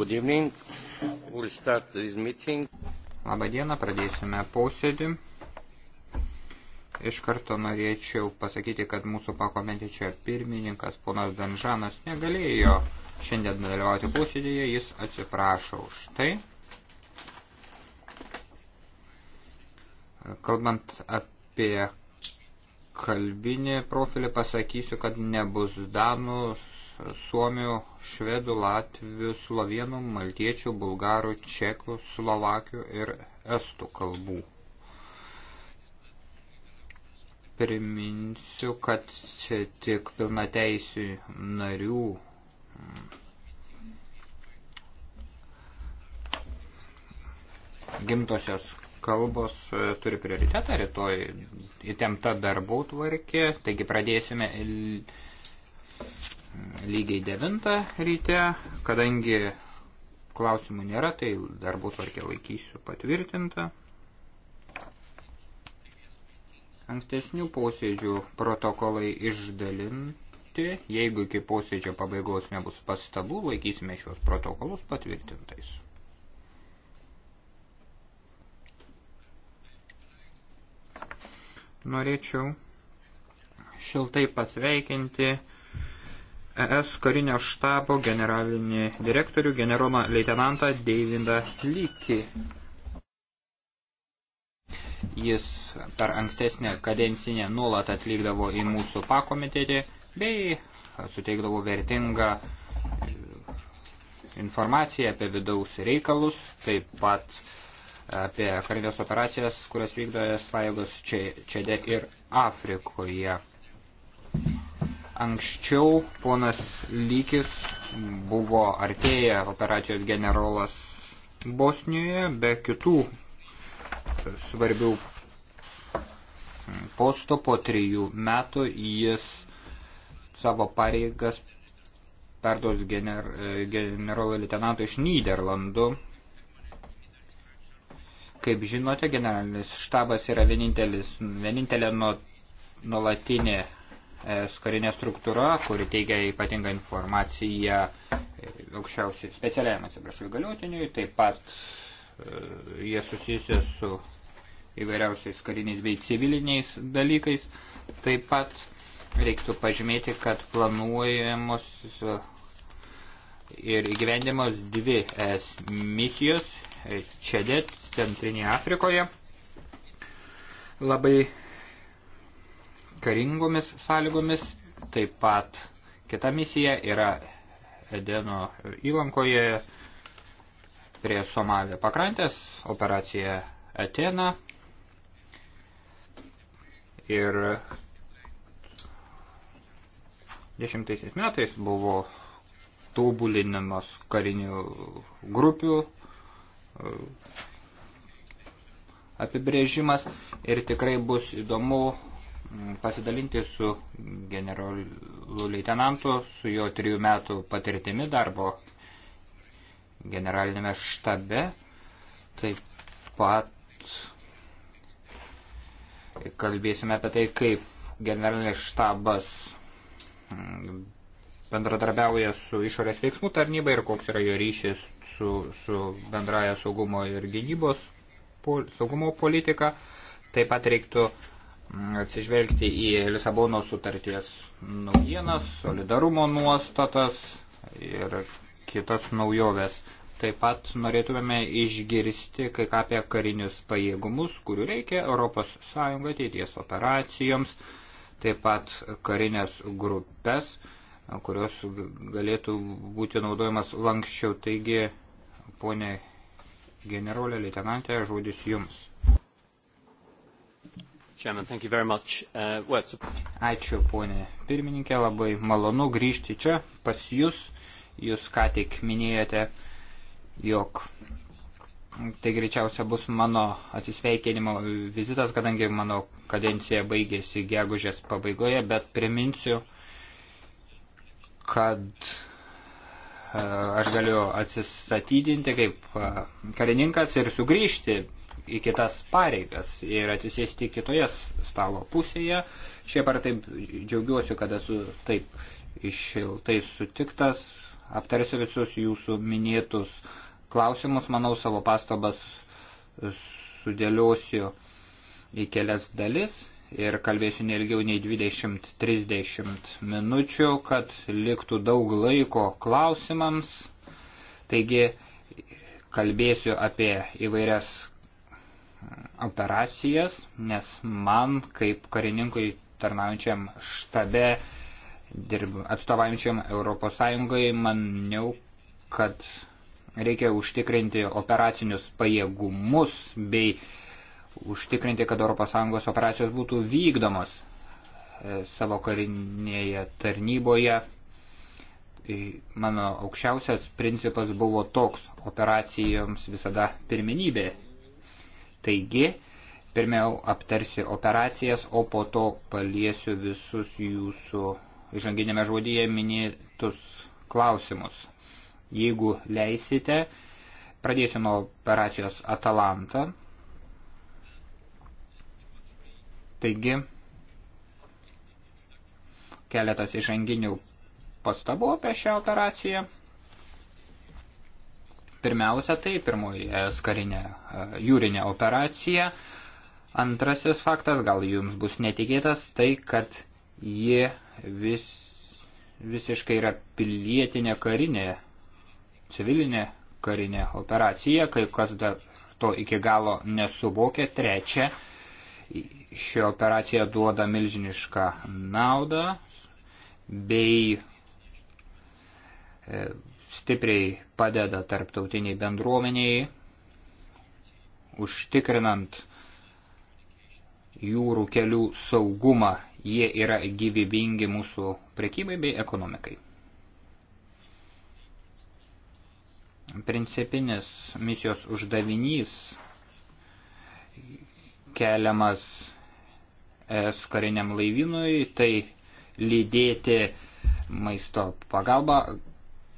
Good evening. We'll start this meeting. Labą dieną, pradėsime posėdį. Iš karto norėčiau pasakyti, kad mūsų pakomentečio pirmininkas ponas Danžanas negalėjo šiandien dalyvauti posėdėje, jis atsiprašo už tai. Kalbant apie kalbinį profilį, pasakysiu, kad nebus Danų suomių, švedų, latvių, slovenų, maltiečių, bulgarų, čekų, slovakių ir estų kalbų. Priminsiu, kad tik pilnateisių narių mm, gimtosios kalbos e, turi prioritetą, rytoj įtempta darbų tvarkė, taigi pradėsime lygiai 9 ryte, kadangi klausimų nėra, tai darbų tvarkė laikysiu patvirtinta. Ankstesnių posėdžių protokolai išdalinti, jeigu iki posėdžio pabaigos nebus pastabų, laikysime šios protokolus patvirtintais. Norėčiau šiltai pasveikinti ES karinio štabo generalinį direktorių generolą leitenantą Deivindą Lykį. Jis per ankstesnę kadencinę nuolat atlikdavo į mūsų pakomitetį bei suteikdavo vertingą informaciją apie vidaus reikalus, taip pat apie karinės operacijas, kurias vykdoja e pajėgos Čede ir Afrikoje. Anksčiau ponas Lykis buvo artėję operacijos generolas Bosnijoje, be kitų svarbių posto po trijų metų jis savo pareigas perduos gener, generolo leitenanto iš Niderlandų. Kaip žinote, generalinis štabas yra vienintelis, vienintelė nuolatinė E, karinė struktūra, kuri teigia ypatingą informaciją aukščiausiai specialiajam atsiprašau įgaliotiniui, taip pat e, jie susijusi su įvairiausiais kariniais bei civiliniais dalykais. Taip pat reiktų pažymėti, kad planuojamos e, ir įgyvendimos dvi es misijos Čedė, Centrinėje Afrikoje. Labai karingomis sąlygomis. Taip pat kita misija yra Edeno įlankoje prie Somalio pakrantės, operacija Atena. Ir 10 metais buvo tobulinimas karinių grupių e, apibrėžimas ir tikrai bus įdomu Mm, pasidalinti su generolu leitenantu, su jo trijų metų patirtimi darbo generalinėme štabe, taip pat kalbėsime apie tai, kaip generalinis štabas mm, bendradarbiauja su išorės veiksmų tarnyba ir koks yra jo ryšis su, su bendraja saugumo ir gynybos saugumo politika. Taip pat reiktų uh, atsižvelgti į Lisabono sutarties naujienas, solidarumo nuostatas ir kitas naujoves. Taip pat norėtumėme išgirsti kai ką apie karinius pajėgumus, kurių reikia ES ateities operacijoms, taip pat karinės grupės, kurios galėtų būti naudojamas lankščiau. Taigi, ponė generolė, leitenantė, žodis jums. Uh, Ačiū, ponė pirmininkė, labai malonu grįžti čia pas jūs. Jūs ką tik minėjote, jog tai greičiausia bus mano atsisveikinimo vizitas, kadangi mano kadencija baigėsi gegužės pabaigoje, bet priminsiu, kad uh, aš galiu atsistatydinti kaip uh, karininkas ir sugrįžti į kitas pareigas ir atsisėsti kitoje stalo pusėje. Šiaip ar taip džiaugiuosi, kad esu taip išiltai sutiktas, aptarsiu visus jūsų minėtus klausimus, manau, savo pastabas sudėliosiu į kelias dalis ir kalbėsiu neilgiau nei 20-30 minučių, kad liktų daug laiko klausimams. Taigi kalbėsiu apie įvairias operacijas, nes man kaip karininkui tarnaujančiam štabe, dirb, atstovaujančiam ES, maniau, kad reikia užtikrinti operacinius pajėgumus bei užtikrinti, kad ES operacijos būtų vykdomos e, savo karinėje tarnyboje. E, mano aukščiausias principas buvo toks operacijoms visada pirmenybė Taigi, pirmiau aptarsiu operacijas, o po to paliesiu visus jūsų žanginėme žodyje minėtus klausimus. Jeigu leisite, pradėsiu nuo operacijos Atalanta. Taigi, keletas išanginių pastabų apie šią operaciją. Pirmiausia, tai pirmoji ES karinė e, jūrinė operacija. Antrasis faktas, gal jums bus netikėtas, tai kad ji vis, visiškai yra pilietinė karinė, civilinė karinė operacija, kai kas dar to iki galo nesuvokė. Trečia, ši operacija duoda milžinišką naudą bei e, stipriai padeda tarptautiniai bendruomeniai, užtikrinant jūrų kelių saugumą. Jie yra gyvybingi mūsų prekybai bei ekonomikai. Principinis misijos uždavinys keliamas es kariniam laivynui, tai lydėti maisto pagalbą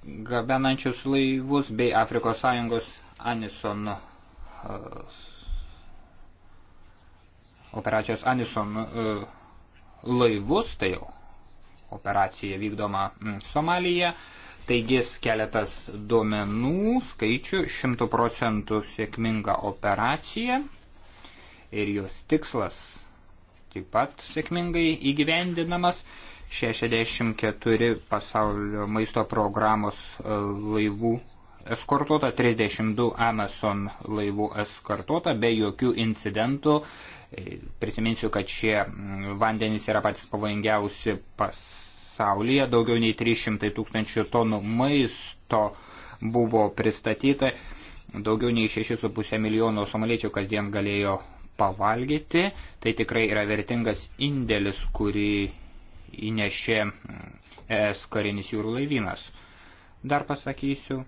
gabenančius laivus bei Afrikos Sąjungos Anison uh, operacijos Anison uh, laivus, tai jau operacija vykdoma mm, Somalija. Taigi keletas duomenų, skaičių, 100 procentų sėkminga operacija ir jos tikslas taip pat sėkmingai įgyvendinamas. 64 pasaulio maisto programos e, laivų eskortuota, 32 Amazon laivų eskortuota, be jokių incidentų. E, prisiminsiu, kad šie vandenys yra patys pavojingiausi pasaulyje, daugiau nei 300 tūkstančių tonų maisto buvo pristatyta, daugiau nei 6,5 milijono somaliečių kasdien galėjo pavalgyti. Tai tikrai yra vertingas indėlis, kurį įnešė mm, ES karinis jūrų laivynas. Dar pasakysiu,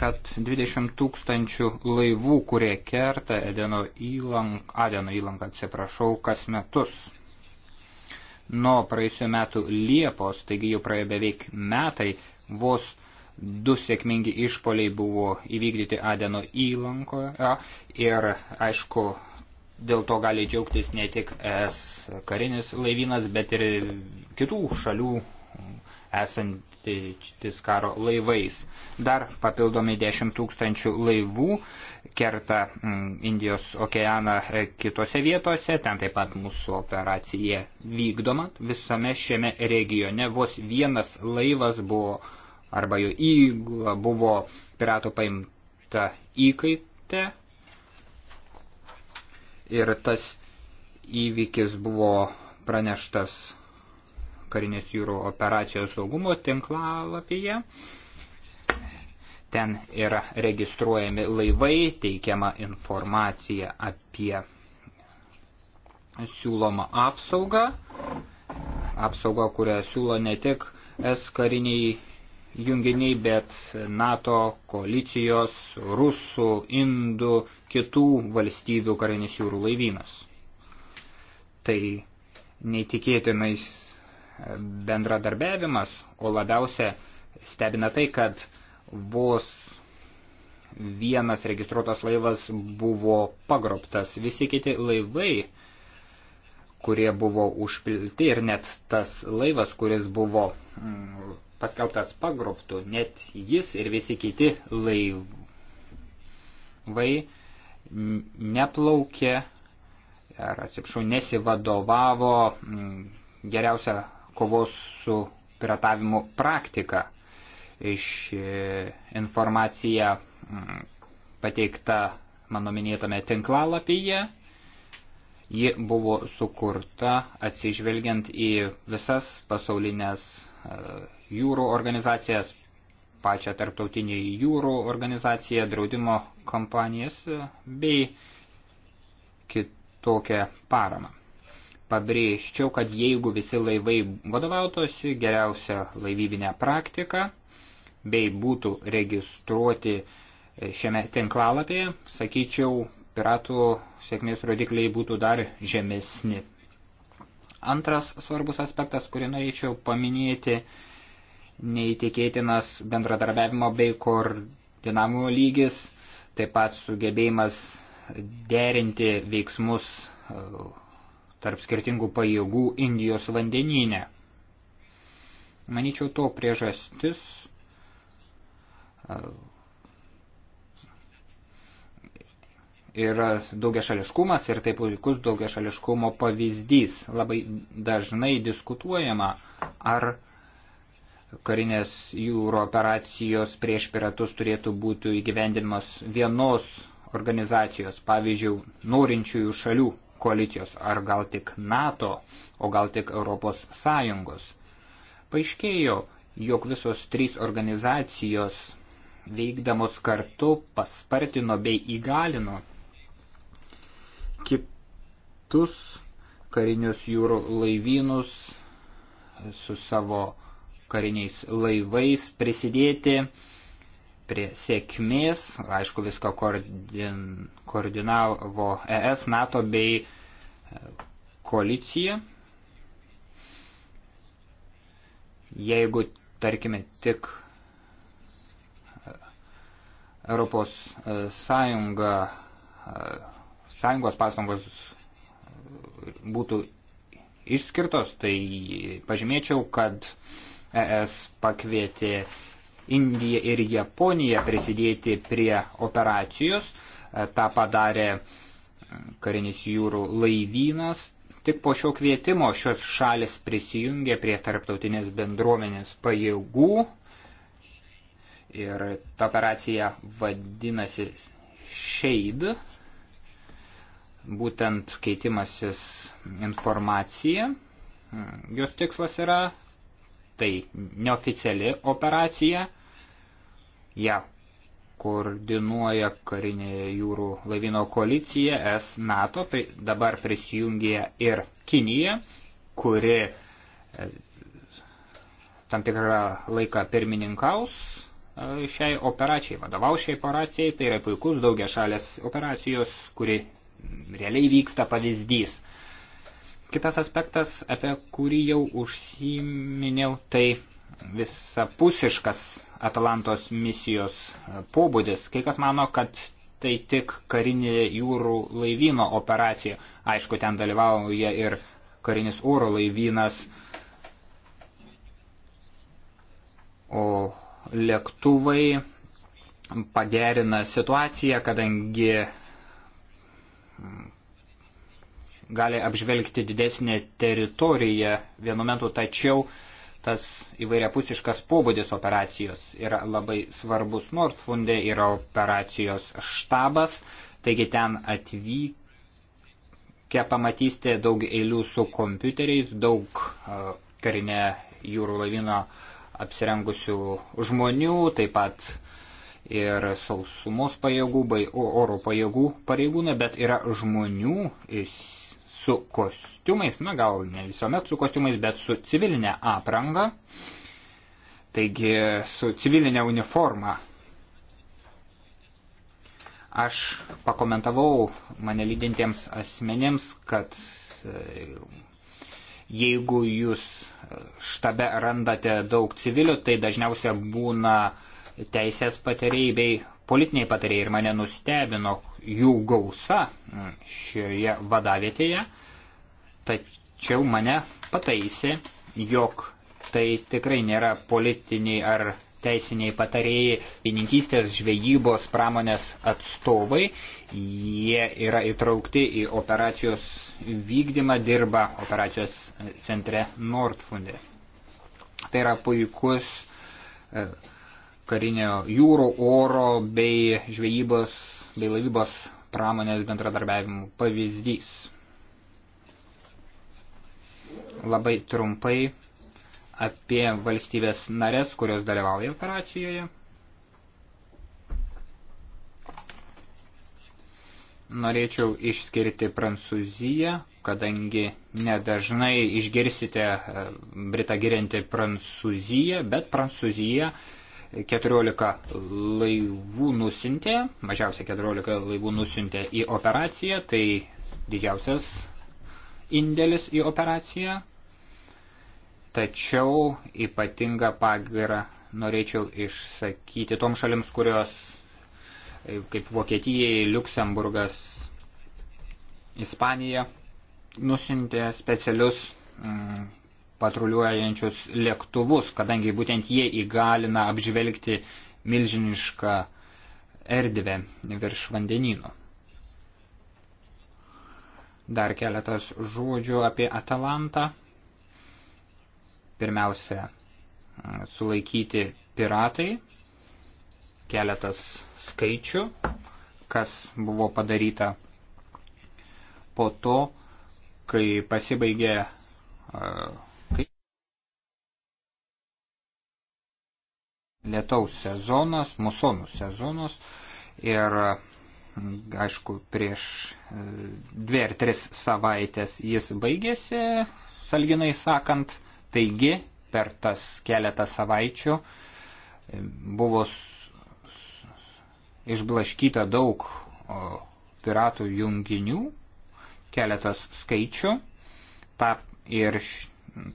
kad 20 tūkstančių laivų, kurie kerta Edeno įlanką, Adeno įlanką, atsiprašau, kas metus. Nuo praėjusiu metu Liepos, taigi jau praėjo beveik metai, vos du sėkmingi išpoliai buvo įvykdyti Adeno įlankoje ir, aišku, Dėl to gali džiaugtis ne tik es karinis laivynas, bet ir kitų šalių esantis karo laivais. Dar papildomi 10 tūkstančių laivų kerta mm, Indijos okeaną e, kitose vietose, ten taip pat mūsų operacija vykdoma. Visame šiame regione vos vienas laivas buvo arba jo įgula buvo piratų paimta įkaitė ir tas įvykis buvo praneštas karinės jūrų operacijos saugumo tinklalapyje. Ten yra registruojami laivai, teikiama informacija apie siūlomą apsaugą. Apsauga, kurią siūlo ne tik S kariniai junginiai, bet NATO koalicijos, rusų, indų, kitų valstybių karinis jūrų laivynas. Tai neįtikėtinais bendradarbiavimas, o labiausia stebina tai, kad vos vienas registruotas laivas buvo pagrobtas, visi kiti laivai, kurie buvo užpilti ir net tas laivas, kuris buvo mm, paskelbtas pagrobtų, net jis ir visi kiti laivai neplaukė, ar atsipšau, nesivadovavo mm, geriausią kovos su piratavimu praktiką. Iš e, informacija mm, pateikta mano minėtame tinklalapyje. Ji buvo sukurta atsižvelgiant į visas pasaulinės jūrų organizacijas, pačią tarptautinį jūrų organizaciją, draudimo kompanijas bei kitokią paramą. Pabrėžčiau, kad jeigu visi laivai vadovautosi geriausia laivybinė praktika bei būtų registruoti šiame tinklalapyje, sakyčiau, piratų sėkmės rodikliai būtų dar žemesni. Antras svarbus aspektas, kurį norėčiau paminėti, neįtikėtinas bendradarbiavimo bei koordinavimo lygis, taip pat sugebėjimas derinti veiksmus e, tarp skirtingų pajėgų Indijos vandenyne. Manyčiau, to priežastis e, yra daugiašališkumas ir tai puikus daugiašališkumo pavyzdys. Labai dažnai diskutuojama, ar karinės jūro operacijos prieš piratus turėtų būti įgyvendinamos vienos organizacijos, pavyzdžiui, norinčiųjų šalių koalicijos, ar gal tik NATO, o gal tik Europos Sąjungos. Paaiškėjo, jog visos trys organizacijos veikdamos kartu paspartino bei įgalino kitus karinius jūrų laivynus su savo kariniais laivais prisidėti prie sėkmės. Aišku, viską koordin, koordinavo ES, NATO bei e, koalicija. Jeigu, tarkime, tik e, Europos e, Sąjunga sąjungos pastangos būtų išskirtos, tai pažymėčiau, kad ES pakvietė Indiją ir Japoniją prisidėti prie operacijos. E, ta padarė karinis jūrų laivynas. Tik po šio kvietimo šios šalis prisijungė prie tarptautinės bendruomenės pajėgų. Ir ta operacija vadinasi Shade būtent keitimasis informacija, jos tikslas yra, tai neoficiali operacija, ją koordinuoja karinė jūrų laivyno koalicija S NATO, dabar prisijungia ir Kinija, kuri e, tam tikrą laiką pirmininkaus e, šiai operacijai, vadovau šiai operacijai, tai yra puikus daugia šalės operacijos, kuri realiai vyksta pavyzdys. Kitas aspektas, apie kurį jau užsiminiau, tai visapusiškas Atalantos misijos pobūdis. Kai kas mano, kad tai tik karinė jūrų laivyno operacija. Aišku, ten dalyvauja ir karinis oro laivynas, o lėktuvai pagerina situaciją, kadangi gali apžvelgti didesnę teritoriją vienu metu, tačiau tas įvairiapusiškas pobūdis operacijos yra labai svarbus. Nordfunde yra operacijos štabas, taigi ten atvykę pamatysite daug eilių su kompiuteriais, daug karinė jūrų laivino apsirengusių žmonių, taip pat ir sausumos pajėgų, bei oro pajėgų pareigūnai, bet yra žmonių su kostiumais, na gal ne visuomet su kostiumais, bet su civilinė apranga, taigi su civilinė uniforma. Aš pakomentavau mane lydintiems asmenėms, kad e, jeigu jūs štabe randate daug civilių, tai dažniausia būna uh, teisės patarėjai bei politiniai patarėjai ir mane nustebino jų gausa šioje vadavietėje, tačiau mane pataisė, jog tai tikrai nėra politiniai ar teisiniai patarėjai, vienintystės žvejybos pramonės atstovai, jie yra įtraukti į operacijos vykdymą, dirba operacijos centre Nordfunde. Tai yra puikus e, karinio jūrų, oro bei žvejybos bei laivybos pramonės bendradarbiavimų pavyzdys. Labai trumpai apie valstybės narės, kurios dalyvauja operacijoje. Norėčiau išskirti Prancūziją, kadangi nedažnai išgirsite e, Britą giriantį Prancūziją, bet Prancūzija uh, 14 laivų nusintė, mažiausiai 14 laivų nusintė į operaciją, tai didžiausias indėlis į operaciją. Tačiau ypatingą pagirą norėčiau išsakyti toms šalims, kurios kaip Vokietijai, Luksemburgas, Ispanija nusintė specialius mm, patruliuojančius lėktuvus, kadangi būtent jie įgalina apžvelgti milžinišką erdvę virš vandenynų. Dar keletas žodžių apie Atalantą. Pirmiausia, sulaikyti piratai. Keletas skaičių, kas buvo padaryta po to, kai pasibaigė uh, lietaus sezonas, musonų sezonas ir aišku prieš e, dvi ar tris savaitės jis baigėsi, salginai sakant, taigi per tas keletą savaičių e, buvo išblaškyta daug piratų junginių, keletas skaičių, tą ir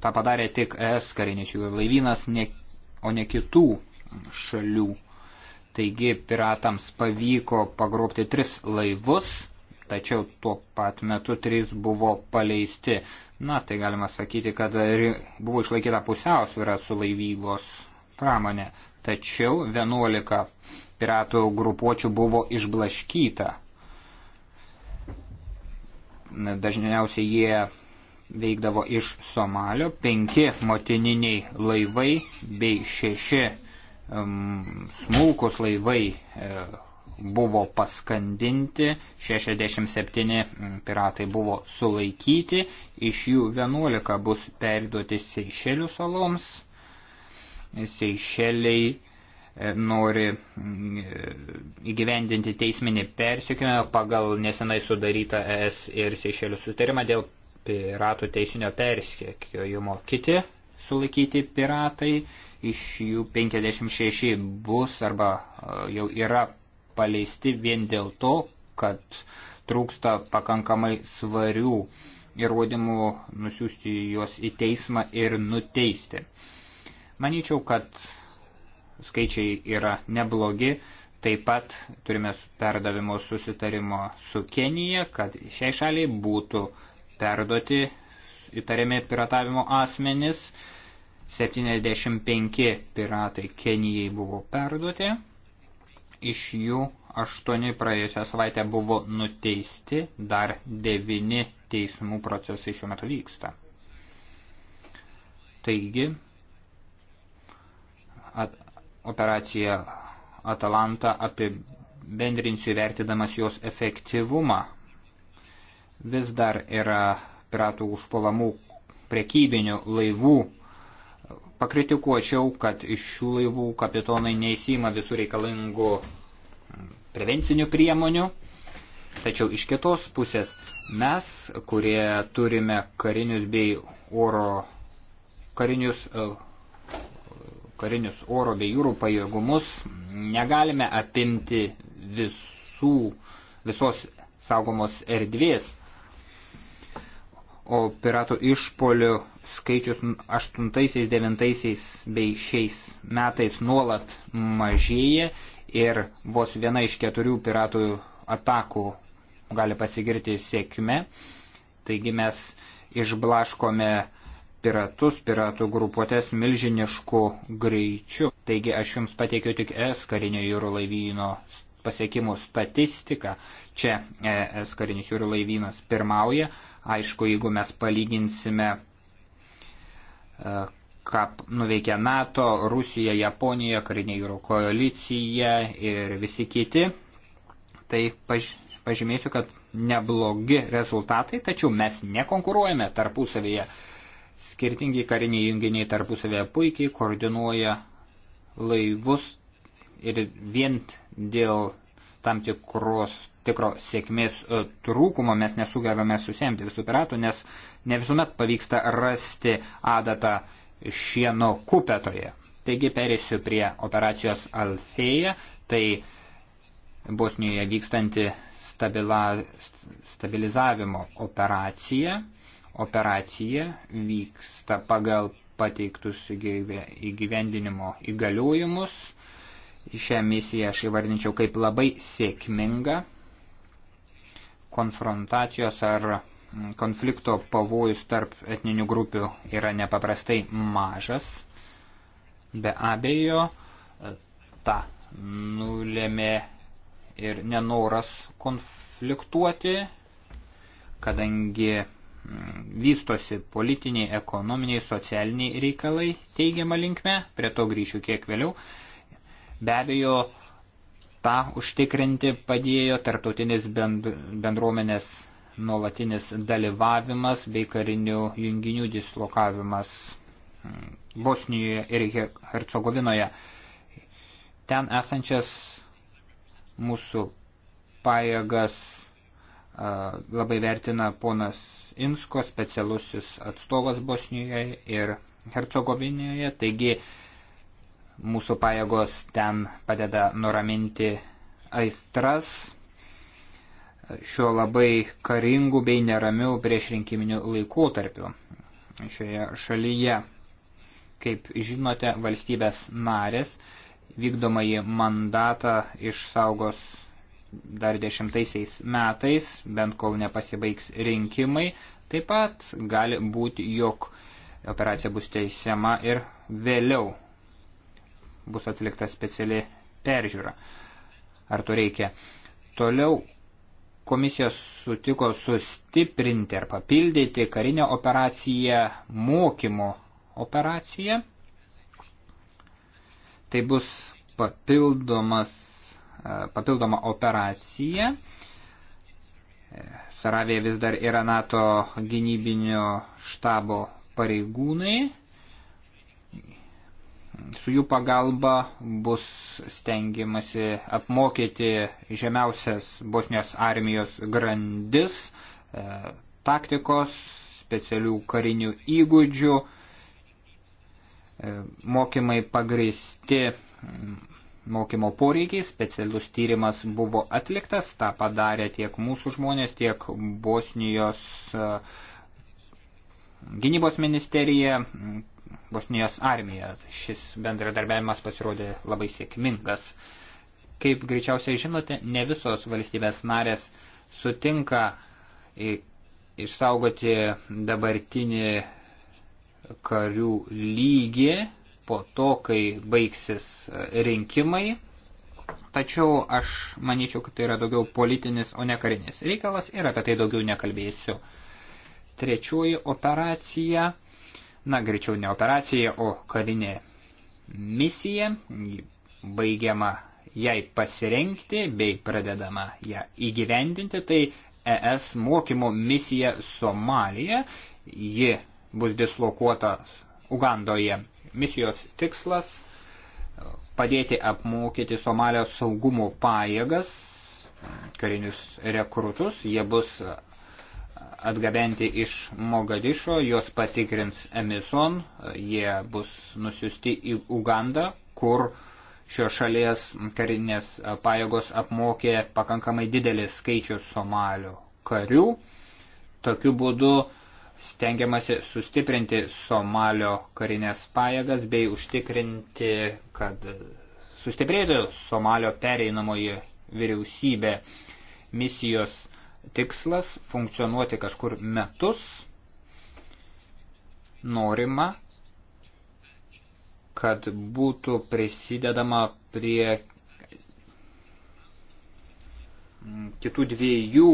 tą padarė tik ES karinis jų laivynas, ne, o ne kitų šalių. Taigi piratams pavyko pagrobti tris laivus, tačiau tuo pat metu trys buvo paleisti. Na, tai galima sakyti, kad buvo išlaikyta pusiausvyrą su laivybos pramonė, tačiau 11 piratų grupuočių buvo išblaškyta. Dažniausiai jie veikdavo iš Somalio, penki motininiai laivai bei šeši smulkus laivai e, buvo paskandinti, 67 piratai buvo sulaikyti, iš jų 11 bus perduoti Seišelių saloms. Seišeliai e, nori e, įgyvendinti teisminį persikimą pagal nesenai sudarytą ES ir Seišelių sutarimą dėl piratų teisinio persikėjimo. Kiti sulaikyti piratai iš jų 56 bus arba e, jau yra paleisti vien dėl to, kad trūksta pakankamai svarių įrodymų nusiųsti juos į teismą ir nuteisti. Manyčiau, kad skaičiai yra neblogi. Taip pat turime perdavimo susitarimo su Kenija, kad šiai šaliai būtų perduoti įtariami piratavimo asmenis. 75 piratai Kenijai buvo perduoti, iš jų 8 praėjusią savaitę buvo nuteisti, dar 9 teismų procesai šiuo metu vyksta. Taigi, at, operacija Atalanta apibendrinsiu įvertidamas jos efektyvumą. Vis dar yra piratų užpuolamų prekybinių laivų pakritikuočiau, kad iš šių laivų kapitonai neįsima visų reikalingų mm, prevencinių priemonių. Tačiau iš kitos pusės mes, kurie turime karinius bei oro, karinius, e, karinius oro bei jūrų pajėgumus, negalime apimti visų, visos saugomos erdvės. O piratų išpolių skaičius 8-9 bei šiais metais nuolat mažėja ir vos viena iš keturių piratų atakų gali pasigirti sėkme. Taigi mes išblaškome piratus, piratų grupuotės milžinišku greičiu. Taigi aš jums pateikiu tik S karinio jūrų laivyno pasiekimų statistiką. Čia e, S karinis jūrų laivynas pirmauja. Aišku, jeigu mes palyginsime E, ką nuveikė NATO, Rusija, Japonija, karinė jūrų koalicija ir visi kiti. Tai paž pažymėsiu, kad neblogi rezultatai, tačiau mes nekonkuruojame tarpusavėje. Skirtingi kariniai junginiai tarpusavėje puikiai koordinuoja laivus ir vien dėl tam tikros, tikro sėkmės e, trūkumo mes nesugebame susiemti visų piratų, nes ne visuomet pavyksta rasti adatą šieno kupetoje. Taigi perėsiu prie operacijos Alfėja, tai Bosnijoje vykstanti stabila, stabilizavimo operacija. Operacija vyksta pagal pateiktus įgyvendinimo įgaliojimus. Šią misiją aš įvardinčiau kaip labai sėkmingą. Konfrontacijos ar konflikto pavojus tarp etninių grupių yra nepaprastai mažas. Be abejo, tą nulėmė ir nenoras konfliktuoti, kadangi mm, vystosi politiniai, ekonominiai, socialiniai reikalai teigiama linkme, prie to grįšiu kiek vėliau. Be abejo, tą užtikrinti padėjo tarptautinės bendruomenės nuolatinis dalyvavimas bei karinių junginių dislokavimas mm, Bosnijoje ir Hercegovinoje. Ten esančias mūsų pajėgas labai vertina ponas Insko, specialusis atstovas Bosnijoje ir Hercegovinoje, taigi mūsų pajėgos ten padeda nuraminti aistras šiuo labai karingu bei neramiu priešrinkiminiu laikotarpiu šioje šalyje. Kaip žinote, valstybės narės vykdomąjį mandatą išsaugos dar dešimtaisiais metais, bent kol nepasibaigs rinkimai. Taip pat gali būti, jog operacija bus teisiama ir vėliau bus atlikta speciali peržiūra. Ar to reikia? Toliau komisija sutiko sustiprinti ar papildyti karinę operaciją mokymo operaciją. Tai bus papildomas, e, papildoma operacija. E, Saravėje vis dar yra NATO gynybinio štabo pareigūnai su jų pagalba bus stengiamasi apmokyti žemiausias Bosnijos armijos grandis, e, taktikos, specialių karinių įgūdžių, e, mokymai pagristi mokymo poreikiai, specialus tyrimas buvo atliktas, tą padarė tiek mūsų žmonės, tiek Bosnijos e, gynybos ministerija, Bosnijos armiją. Šis bendradarbiavimas pasirodė labai sėkmingas. Kaip greičiausiai žinote, ne visos valstybės narės sutinka išsaugoti dabartinį karių lygį po to, kai baigsis rinkimai. Tačiau aš manyčiau, kad tai yra daugiau politinis, o ne karinis reikalas ir apie tai daugiau nekalbėsiu. Trečioji operacija na, greičiau ne operacija, o karinė misija, baigiama jai pasirenkti bei pradedama ją įgyvendinti, tai ES mokymo misija Somalija, ji bus dislokuota Ugandoje. Misijos tikslas - padėti apmokyti Somalio saugumo pajėgas, karinius rekrutus, jie bus atgabenti iš Mogadišo, juos patikrins Emison, jie bus nusiusti į Ugandą, kur šio šalies karinės pajėgos apmokė pakankamai didelis skaičius Somalio karių. Tokiu būdu stengiamasi sustiprinti Somalio karinės pajėgas bei užtikrinti, kad sustiprėtų Somalio pereinamoji vyriausybė misijos tikslas funkcionuoti kažkur metus, norima, kad būtų prisidedama prie kitų dviejų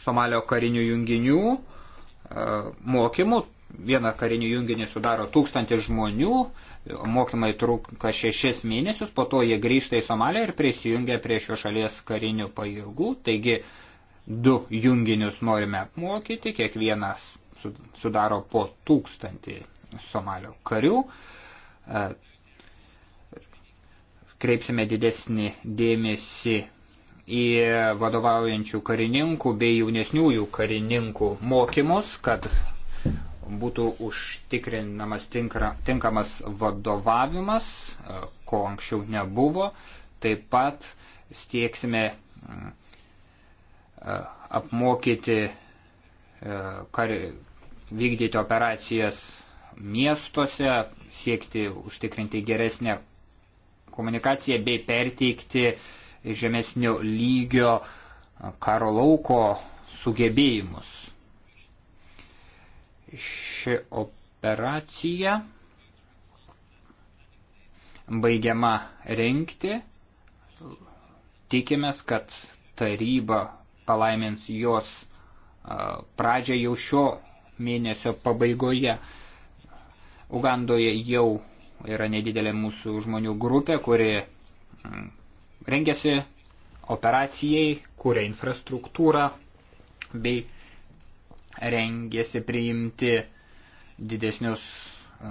Somalio karinių junginių e, mokymų. Vieną karinių junginį sudaro tūkstantis žmonių, mokymai trunka šešis mėnesius, po to jie grįžta į Somaliją ir prisijungia prie šio šalies karinių pajėgų. Taigi du junginius norime apmokyti, kiekvienas sudaro po tūkstantį Somalio karių. E, kreipsime didesnį dėmesį į vadovaujančių karininkų bei jaunesniųjų karininkų mokymus, kad būtų užtikrinamas tinkra, tinkamas vadovavimas, e, ko anksčiau nebuvo. Taip pat stieksime mm, e, apmokyti e, kar, vykdyti operacijas miestuose, siekti užtikrinti geresnę komunikaciją bei perteikti žemesnio lygio karo lauko sugebėjimus. Ši operacija baigiama renkti. Tikimės, kad taryba palaimins jos pradžią jau šio mėnesio pabaigoje. Ugandoje jau yra nedidelė mūsų žmonių grupė, kuri rengiasi operacijai, kūrė infrastruktūrą bei rengėsi priimti didesnius e,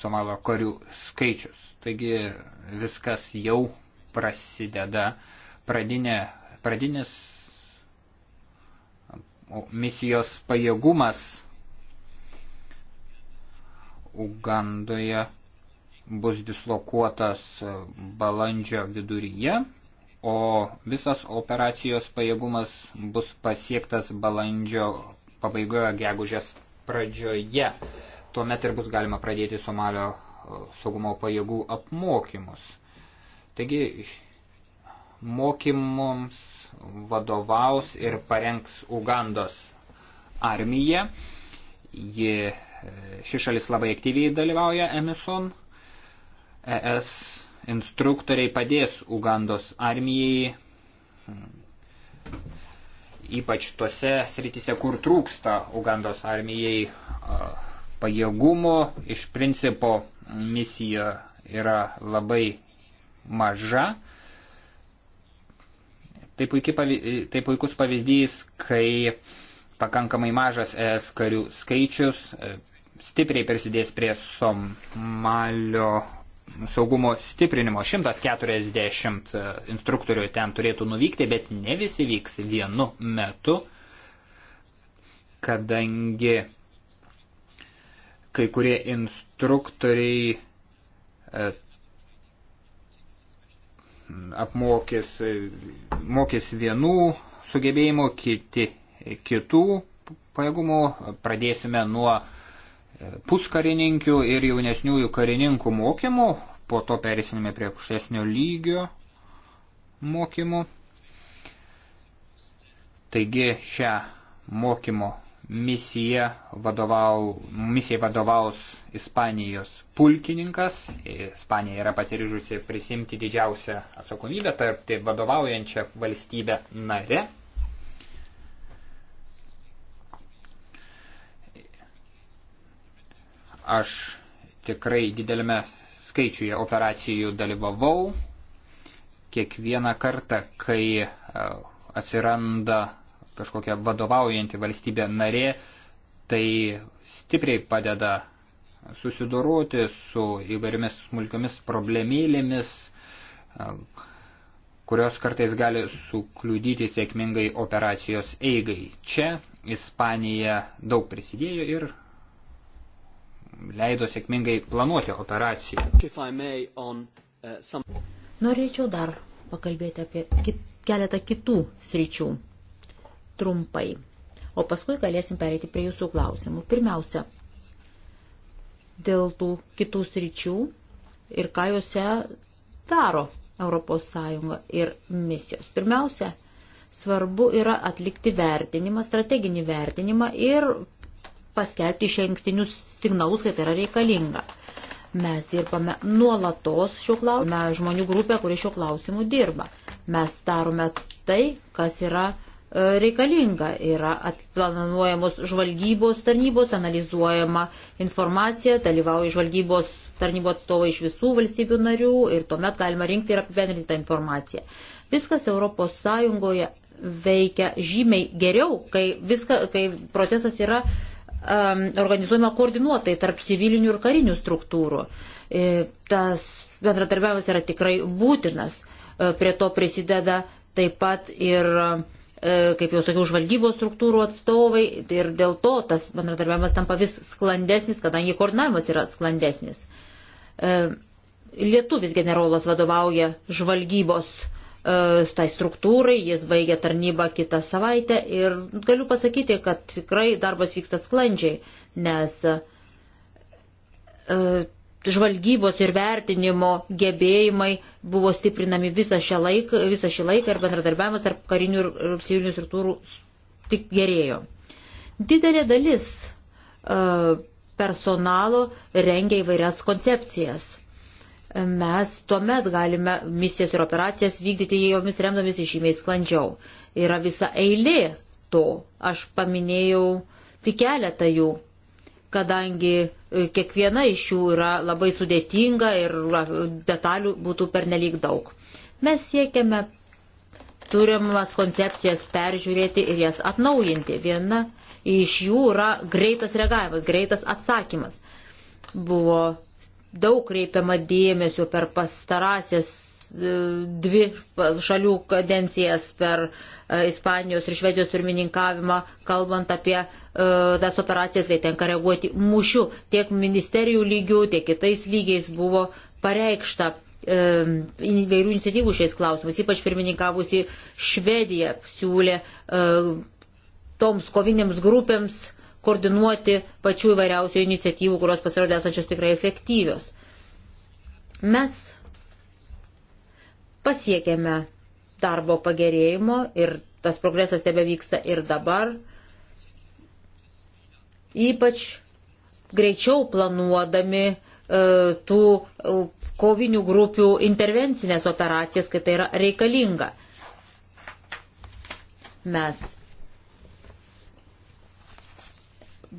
Somalo karių skaičius. Taigi viskas jau prasideda. Pradinė, pradinis misijos pajėgumas Ugandoje bus dislokuotas e, balandžio viduryje, o visas operacijos pajėgumas bus pasiektas balandžio pabaigoje, gegužės pradžioje. Tuomet ir bus galima pradėti Somalio saugumo pajėgų apmokymus. Taigi mokymams vadovaus ir parengs Ugandos armija. Ji, e, ši šalis labai aktyviai dalyvauja Emison. ES instruktoriai padės Ugandos armijai ypač tose sritise, kur trūksta Ugandos armijai pajėgumo. Iš principo misija yra labai maža. Tai, pavyzdys, tai puikus pavyzdys, kai pakankamai mažas ES karių skaičius e, stipriai prisidės prie Somalio saugumo stiprinimo. 140 e, instruktorių ten turėtų nuvykti, bet ne visi vyks vienu metu, kadangi kai kurie instruktoriai e, apmokys e, mokys vienų sugebėjimų, kiti kitų pajėgumų. Pradėsime nuo puskarininkių ir jaunesniųjų karininkų mokymų, po to perėsime prie aukštesnio lygio mokymų. Taigi šią mokymo misiją vadovau, misijai vadovaus Ispanijos pulkininkas. Ispanija yra pasiryžusi prisimti didžiausią atsakomybę tarp tai vadovaujančią valstybę nare. Aš tikrai didelėme skaičiuje operacijų dalyvavau. Kiekvieną kartą, kai e, atsiranda kažkokia vadovaujanti valstybė narė, tai stipriai padeda susidoroti su įvairiomis smulkiomis problemėlėmis, e, kurios kartais gali sukliudyti sėkmingai operacijos eigai. Čia Ispanija daug prisidėjo ir leido sėkmingai planuoti operaciją. Uh, Norėčiau dar pakalbėti apie kit, keletą kitų sričių trumpai, o paskui galėsim pereiti prie jūsų klausimų. Pirmiausia, dėl tų kitų sričių ir ką juose daro ES ir misijos. Pirmiausia, svarbu yra atlikti vertinimą, strateginį vertinimą ir paskelbti iš ankstinius signalus, kai tai yra reikalinga. Mes dirbame nuolatos šiuo klausimu, žmonių grupė, kuri šiuo klausimu dirba. Mes darome tai, kas yra e, reikalinga. Yra planuojamos žvalgybos tarnybos, analizuojama informacija, dalyvauja žvalgybos tarnybų atstovai iš visų valstybių narių ir tuomet galima rinkti ir apibendrinti tą informaciją. Viskas ES veikia žymiai geriau, kai, viską, kai procesas yra Um, organizuojama koordinuotai tarp civilinių ir karinių struktūrų. E, tas bendradarbiavimas yra tikrai būtinas. E, prie to prisideda taip pat ir, e, kaip jau sakiau, žvalgybos struktūrų atstovai ir dėl to tas bendradarbiavimas tampa vis sklandesnis, kadangi koordinavimas yra sklandesnis. Lietuvis generolas vadovauja žvalgybos struktūrų E, tai struktūrai, jis baigė tarnybą kitą savaitę ir galiu pasakyti, kad tikrai darbas vyksta sklandžiai, nes e, žvalgybos ir vertinimo gebėjimai buvo stiprinami visą, laiką, visą šį laiką ir bendradarbiavimas tarp karinių ir civilinių struktūrų tik gerėjo. Didelė dalis e, personalo rengia įvairias koncepcijas mes tuomet galime misijas ir operacijas vykdyti jomis remdamis žymiai sklandžiau. Yra visa eilė to. Aš paminėjau tik keletą jų, kadangi e, kiekviena iš jų yra labai sudėtinga ir e, detalių būtų pernelyg daug. Mes siekiame turimas koncepcijas peržiūrėti ir jas atnaujinti. Viena iš jų yra greitas reagavimas, greitas atsakymas. Buvo daug kreipiama dėmesio per pastarasias e, dvi šalių kadencijas per e, Ispanijos ir Švedijos pirmininkavimą, kalbant apie uh, tas operacijas, kai tenka reaguoti mušiu. Tiek ministerijų lygių, tiek kitais lygiais buvo pareikšta įvairių iniciatyvų šiais klausimais, ypač pirmininkavusi Švedija siūlė uh, toms kovinėms grupėms koordinuoti pačių įvairiausių iniciatyvų, kurios pasirodė esančios tikrai efektyvios. Mes pasiekėme darbo pagerėjimo ir tas progresas tebe vyksta ir dabar. Ypač greičiau planuodami e, tų e, kovinių grupių intervencinės operacijas, kai tai yra reikalinga. Mes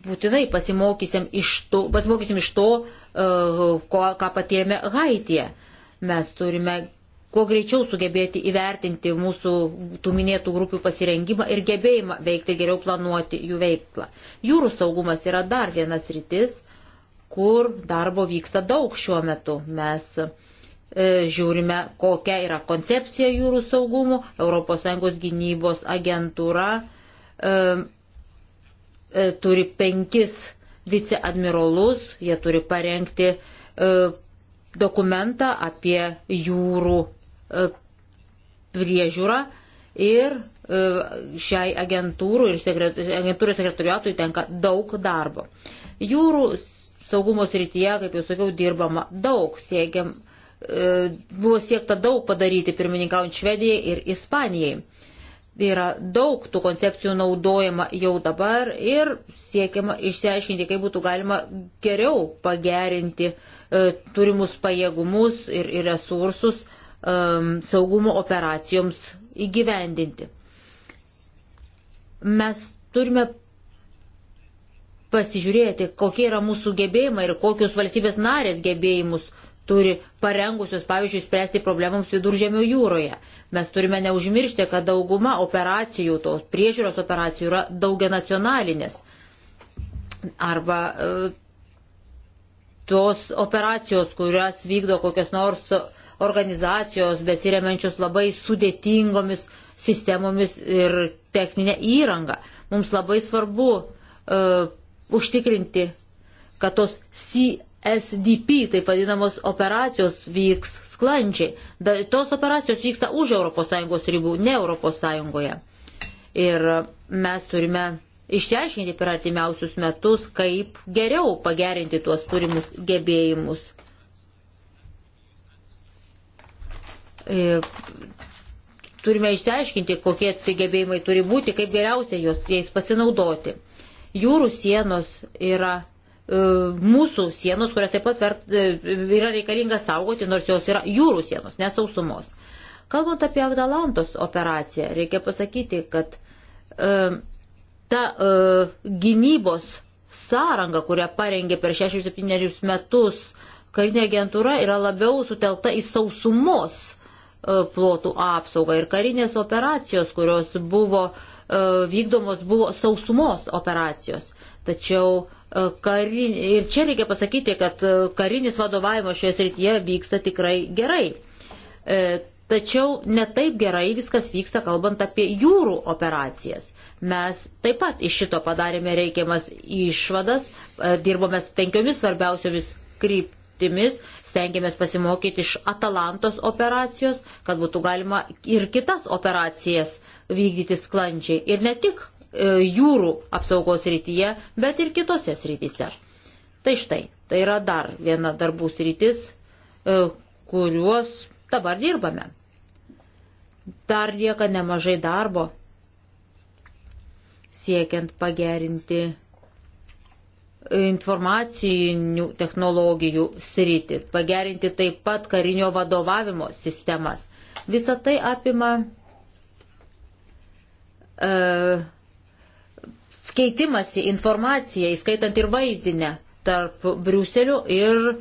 būtinai pasimokysim iš to, pasimokysim iš to e, ko, ką patėmė Haitie. Mes turime kuo greičiau sugebėti įvertinti mūsų tų minėtų grupių pasirengimą ir gebėjimą veikti geriau planuoti jų veiklą. Jūrų saugumas yra dar vienas rytis, kur darbo vyksta daug šiuo metu. Mes e, žiūrime, kokia yra koncepcija jūrų saugumo, ES gynybos agentūra. E, e, turi penkis viceadmirolus, jie turi parengti e, dokumentą apie jūrų e, priežiūrą ir e, šiai agentūrų ir sekretu, agentūrų sekretoriatui tenka daug darbo. Jūrų saugumo srityje, kaip jau sakiau, dirbama daug, siekiam, e, buvo siekta daug padaryti pirmininkaujant Švedijai ir Ispanijai. Tai yra daug tų koncepcijų naudojama jau dabar ir siekiama išsiaiškinti, kaip būtų galima geriau pagerinti e, turimus pajėgumus ir, ir resursus e, saugumo operacijoms įgyvendinti. Mes turime pasižiūrėti, kokie yra mūsų gebėjimai ir kokius valstybės narės gebėjimus turi parengusius, pavyzdžiui, spręsti problemams viduržėmio jūroje. Mes turime neužmiršti, kad dauguma operacijų, tos priežiūros operacijų yra daugia nacionalinės. Arba e, tos operacijos, kurias vykdo kokios nors organizacijos besiremenčios labai sudėtingomis sistemomis ir techninę įrangą. Mums labai svarbu uh, užtikrinti, kad tos C SDP, taip vadinamos operacijos, vyks sklandžiai. Da, tos operacijos vyksta už ES ribų, ne ES. Ir mes turime išsiaiškinti per artimiausius metus, kaip geriau pagerinti tuos turimus gebėjimus. Ir turime išsiaiškinti, kokie tai gebėjimai turi būti, kaip geriausia jos, jais pasinaudoti. Jūrų sienos yra E, mūsų sienos, kurias taip pat vert, e, yra reikalinga saugoti, nors jos yra jūrų sienos, nesausumos. Kalbant apie Agdalantos operaciją, reikia pasakyti, kad e, ta e, gynybos sąranga, kurią parengė per 67 metus karinė agentūra, yra labiau sutelkta į sausumos e, plotų apsaugą ir karinės operacijos, kurios buvo e, vykdomos, buvo sausumos operacijos. Tačiau e, karin, ir čia reikia pasakyti, kad e, karinis vadovavimas šioje srityje vyksta tikrai gerai. E, tačiau netaip gerai viskas vyksta, kalbant apie jūrų operacijas. Mes taip pat iš šito padarėme reikiamas išvadas, e, dirbome penkiomis svarbiausiomis kryptimis, stengiamės pasimokyti iš Atalantos operacijos, kad būtų galima ir kitas operacijas vykdyti sklandžiai. Ir ne tik E, jūrų apsaugos rytyje, bet ir kitose srityse. Tai štai, tai yra dar viena darbų sritis, e, kuriuos dabar dirbame. Dar lieka nemažai darbo, siekiant pagerinti informacinių technologijų sritį, pagerinti taip pat karinio vadovavimo sistemas. Visą tai apima e, keitimasi informacija, įskaitant ir vaizdinę, tarp Briuselio ir e,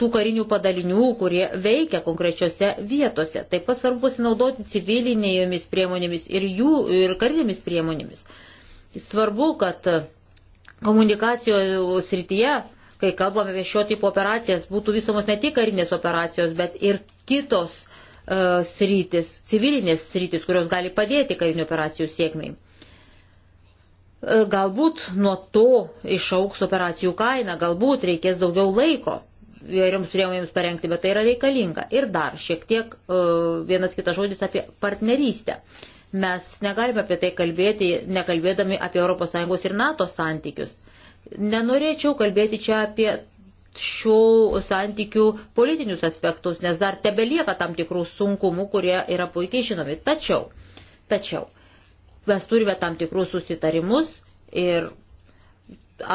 tų karinių padalinių, kurie veikia konkrečiose vietose. Taip pat svarbu pasinaudoti civilinėjomis priemonėmis ir jų ir karinėmis priemonėmis. Svarbu, kad komunikacijos srityje, kai kalbame apie šio tipo operacijas, būtų vystomos ne tik karinės operacijos, bet ir kitos uh, sritis, civilinės sritis, kurios gali padėti karinių operacijų sėkmiai. E, galbūt nuo to išauks operacijų kaina, galbūt reikės daugiau laiko įvairioms priemonėms parengti, bet tai yra reikalinga. Ir dar šiek tiek e, vienas kitas žodis apie partnerystę. Mes negalime apie tai kalbėti, nekalbėdami apie ES ir NATO santykius. Nenorėčiau kalbėti čia apie šių santykių politinius aspektus, nes dar tebelieka tam tikrų sunkumų, kurie yra puikiai žinomi. Tačiau, tačiau mes turime tam tikrus susitarimus ir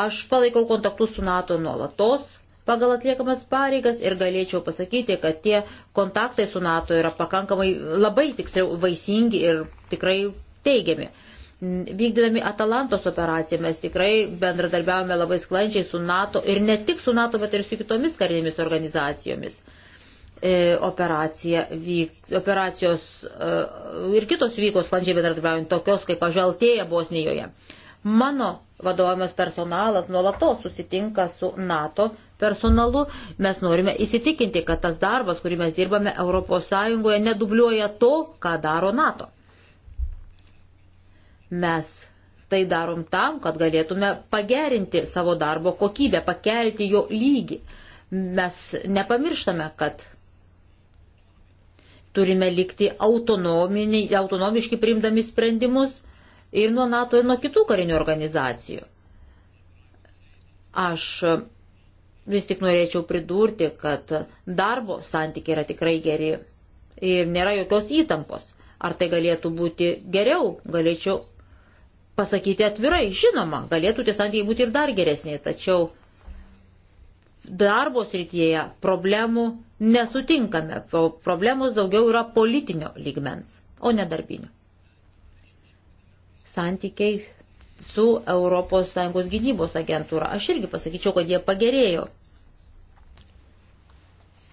aš palaikau kontaktus su NATO nuolatos pagal atliekamas pareigas ir galėčiau pasakyti, kad tie kontaktai su NATO yra pakankamai labai tiksliau vaisingi ir tikrai teigiami. Vykdydami Atalantos operaciją mes tikrai bendradarbiavome labai sklandžiai su NATO ir ne tik su NATO, bet ir su kitomis karinėmis organizacijomis. E, operacija vyk, operacijos e, ir kitos vyko sklandžiai bendradarbiaujant tokios, kaip pažaltėja Bosnijoje. Mano vadovavimas personalas nuolatos susitinka su NATO personalu. Mes norime įsitikinti, kad tas darbas, kurį mes dirbame ES, nedubliuoja to, ką daro NATO. Mes tai darom tam, kad galėtume pagerinti savo darbo kokybę, pakelti jo lygį. Mes nepamirštame, kad Turime likti autonomiški priimdami sprendimus ir nuo NATO, ir nuo kitų karinių organizacijų. Aš e, vis tik norėčiau pridurti, kad darbo santykiai yra tikrai geri ir nėra jokios įtampos. Ar tai galėtų būti geriau, galėčiau pasakyti atvirai, žinoma, galėtų tie santykiai būti ir dar geresnė, tačiau darbo srityje problemų nesutinkame. Problemos daugiau yra politinio lygmens, o ne darbinio. Santykiai su ES gynybos agentūra. Aš irgi pasakyčiau, kad jie pagerėjo.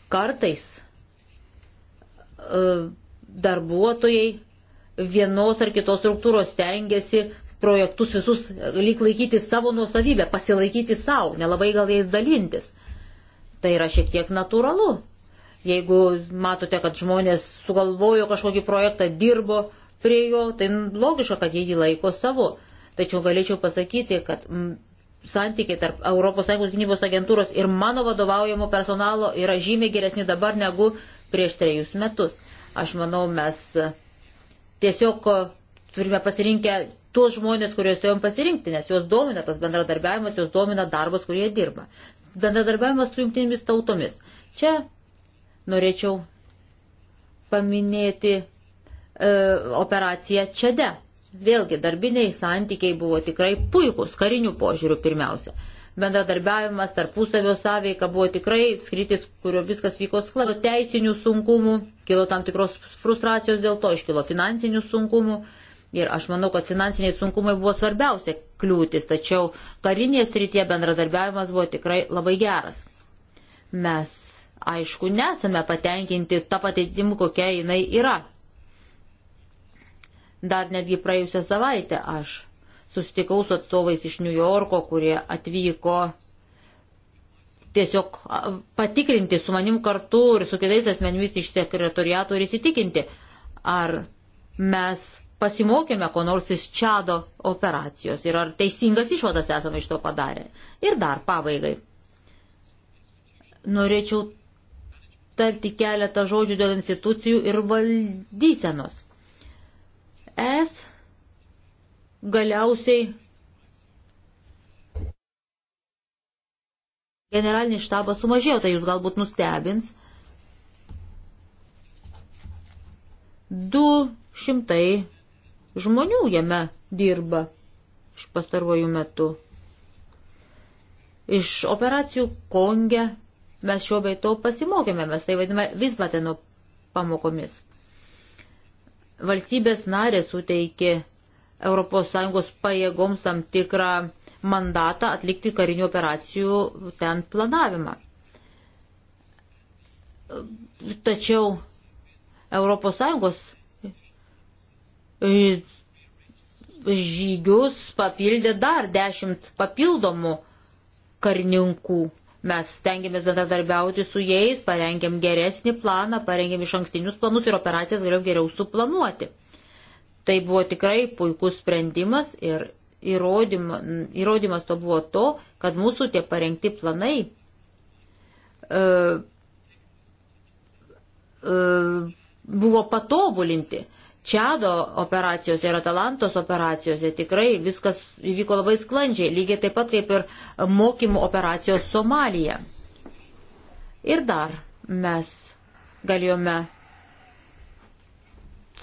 Kartais e, darbuotojai vienos ar kitos struktūros tengiasi projektus visus e, lyg laikyti savo nuosavybę, pasilaikyti savo, nelabai gal jais dalintis. Tai yra šiek tiek natūralu. Jeigu matote, kad žmonės sugalvojo kažkokį projektą, dirbo prie jo, tai logiška, kad jie jį laiko savo. Tačiau galėčiau pasakyti, kad mm, santykiai tarp ES gynybos agentūros ir mano vadovaujamo personalo yra žymiai geresni dabar negu prieš trejus metus. Aš manau, mes e, tiesiog e, turime pasirinkę tuos žmonės, kuriuos turėjom pasirinkti, nes juos domina tas bendradarbiavimas, juos domina darbas, kurie dirba. Bendradarbiavimas su jungtinėmis tautomis. Čia Norėčiau paminėti e, operaciją Čede. Vėlgi, darbiniai santykiai buvo tikrai puikūs, karinių požiūrių pirmiausia. Bendradarbiavimas, tarpusavio sąveika buvo tikrai skrytis, kurio viskas vyko sklando teisinių sunkumų, kilo tam tikros frustracijos dėl to, iškilo finansinių sunkumų. Ir aš manau, kad finansiniai sunkumai buvo svarbiausia kliūtis, tačiau karinės rytie bendradarbiavimas buvo tikrai labai geras. Mes aišku, nesame patenkinti tą pateitimą, kokia jinai yra. Dar netgi praėjusią savaitę aš susitikau su atstovais iš New Yorko, kurie atvyko tiesiog patikrinti su manim kartu ir su kitais asmenimis iš sekretoriato ir įsitikinti, ar mes pasimokėme ko nors iš Čado operacijos ir ar teisingas išvadas esame iš to padarę. Ir dar pabaigai. Norėčiau tarti keletą žodžių dėl institucijų ir valdysenos. Es galiausiai generalinis štabas sumažėjo, tai jūs galbūt nustebins. 200 žmonių jame dirba iš pastaruoju metu. Iš operacijų Konge Mes šio bei to pasimokėme, mes tai vadiname Visbateno pamokomis. Valstybės narė suteikė ES pajėgoms tam tikrą mandatą atlikti karinių operacijų ten planavimą. Tačiau ES žygius papildė dar dešimt papildomų karininkų Mes stengiamės bendradarbiauti su jais, parengėm geresnį planą, parengėm iš ankstinius planus ir operacijas galėjom geriau suplanuoti. Tai buvo tikrai puikus sprendimas ir įrodyma, įrodymas to buvo to, kad mūsų tie parengti planai e, e, buvo patobulinti. Čado operacijose ir Atalantos operacijose tikrai viskas įvyko labai sklandžiai, lygiai taip pat kaip ir mokymų operacijos Somalija. Ir dar mes galėjome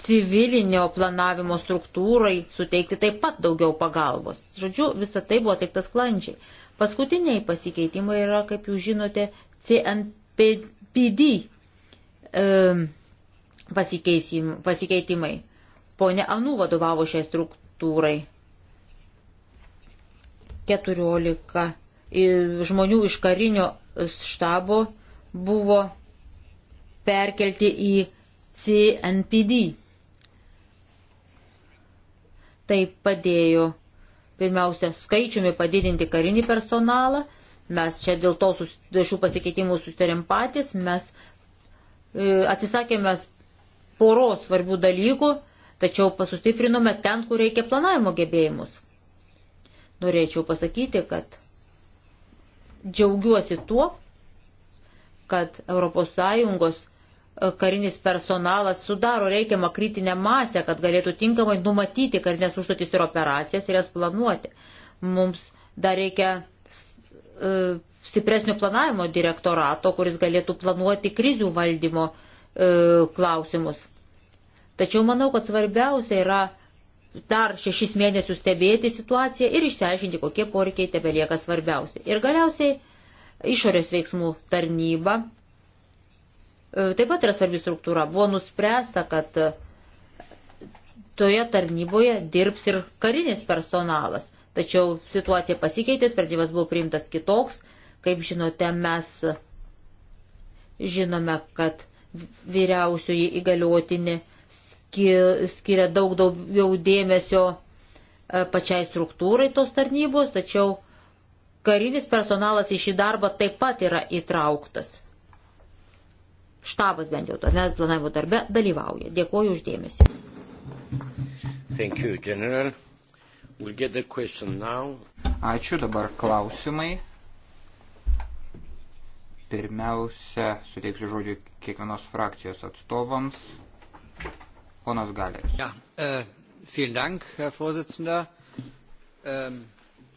civilinio planavimo struktūrai suteikti taip pat daugiau pagalbos. Žodžiu, visa tai buvo atlikta sklandžiai. Paskutiniai pasikeitimai yra, kaip jūs žinote, CNPD. Um, ehm, e, pasikeitimai. Pone Anu vadovavo šiai struktūrai. 14 žmonių iš karinio štabo buvo perkelti į CNPD. Tai padėjo pirmiausia skaičiumi padidinti karinį personalą. Mes čia dėl to sus, dėl šių pasikeitimų sustarėm patys. Mes e, atsisakėme poros svarbių dalykų, tačiau pasustiprinome ten, kur reikia planavimo gebėjimus. Norėčiau pasakyti, kad džiaugiuosi tuo, kad ES e, karinis personalas sudaro reikiamą kritinę masę, kad galėtų tinkamai numatyti karinės užduotis ir operacijas ir jas planuoti. Mums dar reikia e, stipresnio planavimo direktorato, kuris galėtų planuoti krizių valdymo uh, E, klausimus. Tačiau manau, kad svarbiausia yra dar šešis mėnesius stebėti situaciją ir išsiaiškinti, kokie poreikiai tebelieka svarbiausi. Ir galiausiai išorės veiksmų tarnyba e, taip pat yra svarbi struktūra. Buvo nuspręsta, kad toje tarnyboje dirbs ir karinis personalas. Tačiau situacija pasikeitė, sprendimas buvo priimtas kitoks. Kaip žinote, mes žinome, kad vyriausioji įgaliotinė skiria daug daugiau dėmesio e, pačiai struktūrai tos tarnybos, tačiau karinis personalas į šį darbą taip pat yra įtrauktas. Štabas bent jau tame planavimo darbe dalyvauja. Dėkuoju uždėmesi. Thank you, General. We'll get the question now. Ačiū dabar klausimai. Pirmiausia, suteiksiu žodį kiekvienos frakcijos atstovams. Ponas Galeris. Ja, uh, vielen Dank, Herr Vorsitzender. Um,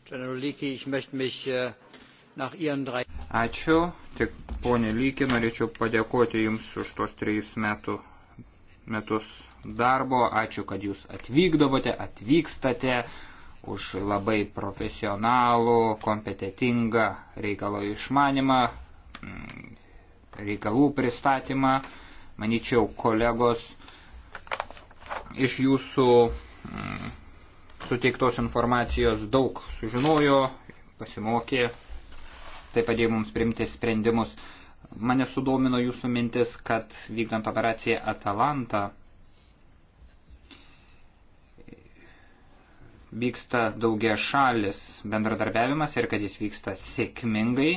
General Leakey, ich möchte mich uh, nach Ihren drei. Ačiū. Tik ponė Lykį norėčiau padėkoti Jums už tos trejus metų, metus darbo. Ačiū, kad Jūs atvykdavote, atvykstate už labai profesionalų, kompetitingą reikalo išmanimą Mm, reikalų pristatymą. Manyčiau, kolegos iš jūsų mm, suteiktos informacijos daug sužinojo, pasimokė, tai padėjo mums primti sprendimus. Mane sudomino jūsų mintis, kad vykdant operaciją Atalanta vyksta daugia šalis bendradarbiavimas ir kad jis vyksta sėkmingai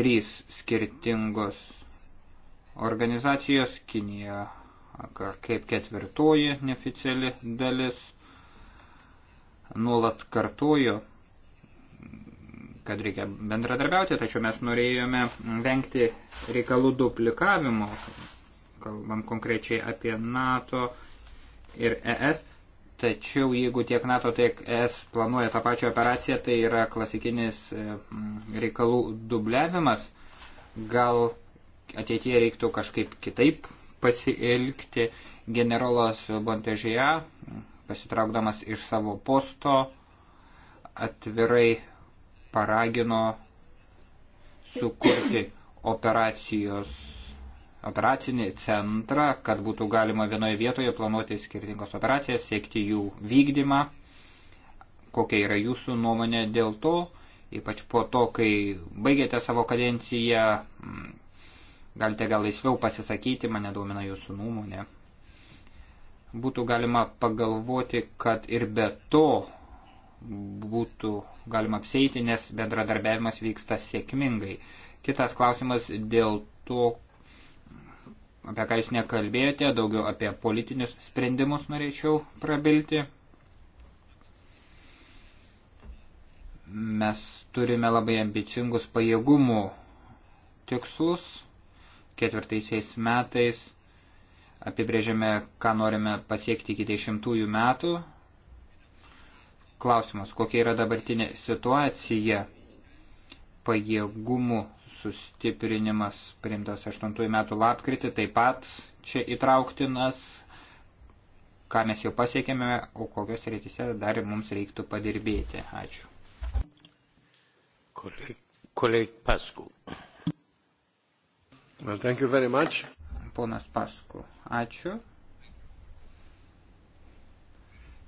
trys skirtingos organizacijos, Kinija kaip ketvirtoji neoficiali dalis nuolat kartuoju, kad reikia bendradarbiauti, tačiau mes norėjome vengti reikalų duplikavimo, kalbam konkrečiai apie NATO ir ES, Tačiau jeigu tiek NATO, tiek ES planuoja tą pačią operaciją, tai yra klasikinis e, reikalų dubliavimas. Gal ateityje reiktų kažkaip kitaip pasielgti. Generolas Bontežija, pasitraukdamas iš savo posto, atvirai paragino sukurti operacijos operacinį centrą, kad būtų galima vienoje vietoje planuoti skirtingos operacijas, siekti jų vykdymą. Kokia yra jūsų nuomonė dėl to, ypač po to, kai baigėte savo kadenciją, galite gal laisviau pasisakyti, mane domina jūsų nuomonė. Būtų galima pagalvoti, kad ir be to būtų galima apseiti, nes bendradarbiavimas vyksta sėkmingai. Kitas klausimas dėl to, apie ką jūs nekalbėjote, daugiau apie politinius sprendimus norėčiau prabilti. Mes turime labai ambicingus pajėgumų tikslus. Ketvirtaisiais metais apibrėžėme, ką norime pasiekti iki dešimtųjų metų. Klausimas, kokia yra dabartinė situacija pajėgumų sustiprinimas priimtas 8 metų lapkritį taip pat čia įtrauktinas, ką mes jau pasiekėme, o kokios rytise dar mums reiktų padirbėti. Ačiū. Koleg, koleg Pasku. Well, thank you very much. Ponas Pasku, ačiū.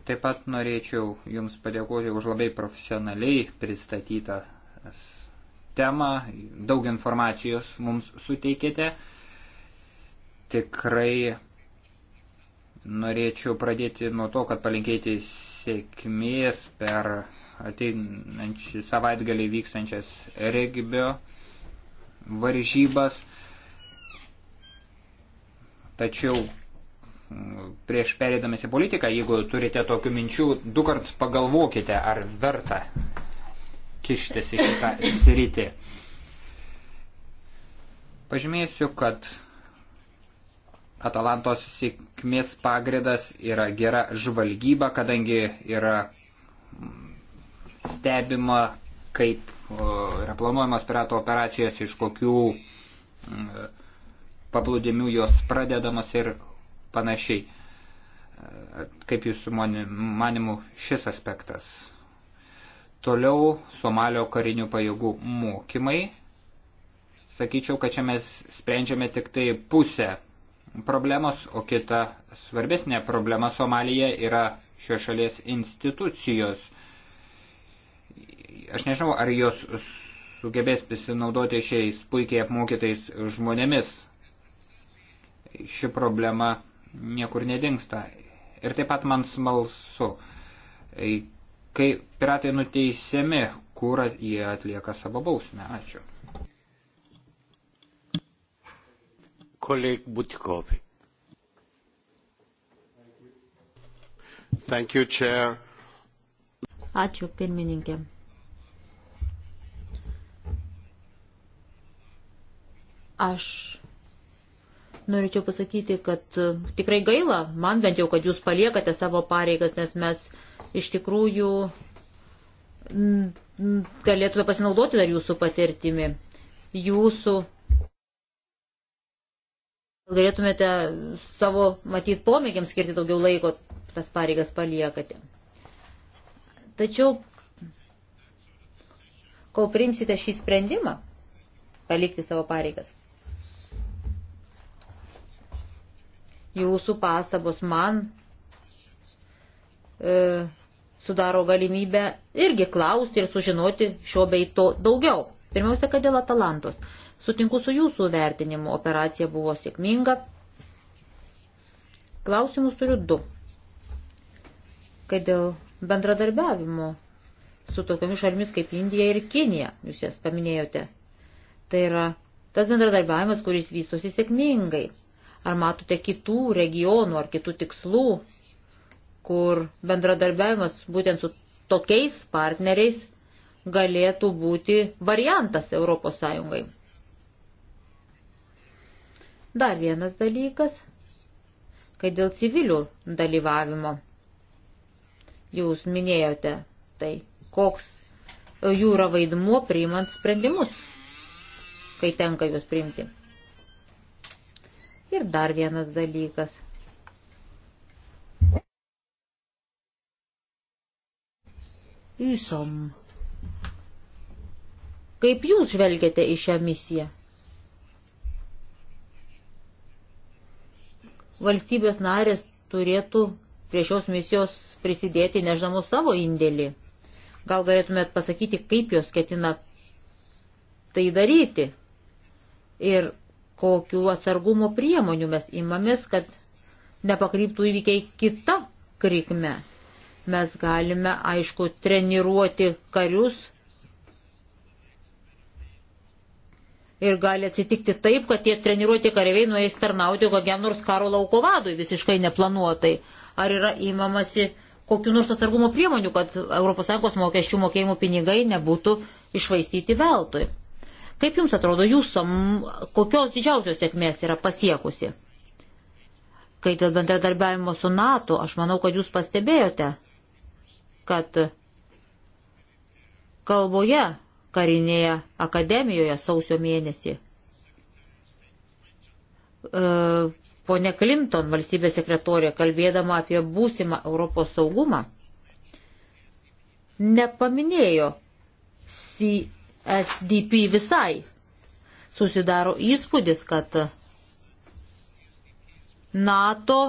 Taip pat norėčiau Jums padėkoti už labai profesionaliai pristatytas temą, daug informacijos mums suteikėte. Tikrai norėčiau pradėti nuo to, kad palinkėti sėkmės per ateinančią savaitgalį vykstančias regbio varžybas. Tačiau mm, prieš perėdamas į politiką, jeigu turite tokių minčių, du kart pagalvokite, ar verta kištis į šitą sritį. Pažymėsiu, kad Atalantos sėkmės pagrindas yra gera žvalgyba, kadangi yra stebima, kaip yra planuojamas pirato operacijos, iš kokių paplūdimių jos pradedamas ir panašiai. Kaip jūsų manimų šis aspektas Toliau Somalio karinių pajėgų mokymai. Sakyčiau, kad čia mes sprendžiame tik tai pusę problemos, o kita svarbesnė problema Somalija yra šios šalies institucijos. Aš nežinau, ar jos sugebės pasinaudoti šiais puikiai apmokytais žmonėmis. Ši problema niekur nedingsta. Ir taip pat man smalsu, Kai piratai nuteisiami, kur jie atlieka savo bausmę? Ačiū. Koleg Butikovi. Thank you, Chair. Ačiū, pirmininkė. Aš norėčiau pasakyti, kad tikrai gaila, man bent jau, kad jūs paliekate savo pareigas, nes mes uh, iš tikrųjų galėtume pasinaudoti dar jūsų patirtimi. Jūsų galėtumėte savo, matyt, pomėgiams skirti daugiau laiko, tas pareigas paliekate. Tačiau, kol priimsite šį sprendimą, palikti savo pareigas. Jūsų pastabos man e, sudaro galimybę irgi klausti ir sužinoti šio bei to daugiau. Pirmiausia, kad dėl Atalantos. Sutinku su jūsų vertinimu, operacija buvo sėkminga. Klausimus turiu du. Kai dėl bendradarbiavimo su tokiamis šalimis kaip Indija ir Kinija, jūs jas paminėjote, tai yra tas bendradarbiavimas, kuris vystosi sėkmingai. Ar matote kitų regionų ar kitų tikslų, kur bendradarbiavimas būtent su tokiais partneriais galėtų būti variantas ES. Dar vienas dalykas, kai dėl civilių dalyvavimo jūs minėjote, tai koks jų yra vaidmuo priimant sprendimus, kai tenka juos priimti. Ir dar vienas dalykas – Ysom. Kaip jūs žvelgiate į šią misiją? Valstybės narės turėtų prie šios misijos prisidėti nežinamų savo indėlį. Gal galėtumėt pasakyti, kaip jos ketina tai daryti ir kokiu atsargumo priemonių mes imamės, kad nepakryptų įvykiai kita krikme. Mes galime, aišku, treniruoti karius. Ir gali atsitikti taip, kad tie treniruoti kareiviai nueis tarnauti kokiam nors karo lauko vadui visiškai neplanuotai. Ar yra įmamasi kokiu nors atsargumo priemonių, kad ES mokesčių mokėjimų pinigai nebūtų išvaistyti veltui. Kaip Jums atrodo, Jūs kokios didžiausios sėkmės yra pasiekusi? Kai dėl bendradarbiavimo su NATO, aš manau, kad Jūs pastebėjote, kad kalboje karinėje akademijoje sausio mėnesį e, ponė Clinton, valstybės sekretorė, kalbėdama apie būsimą Europos saugumą, nepaminėjo CSDP visai. Susidaro įspūdis, kad NATO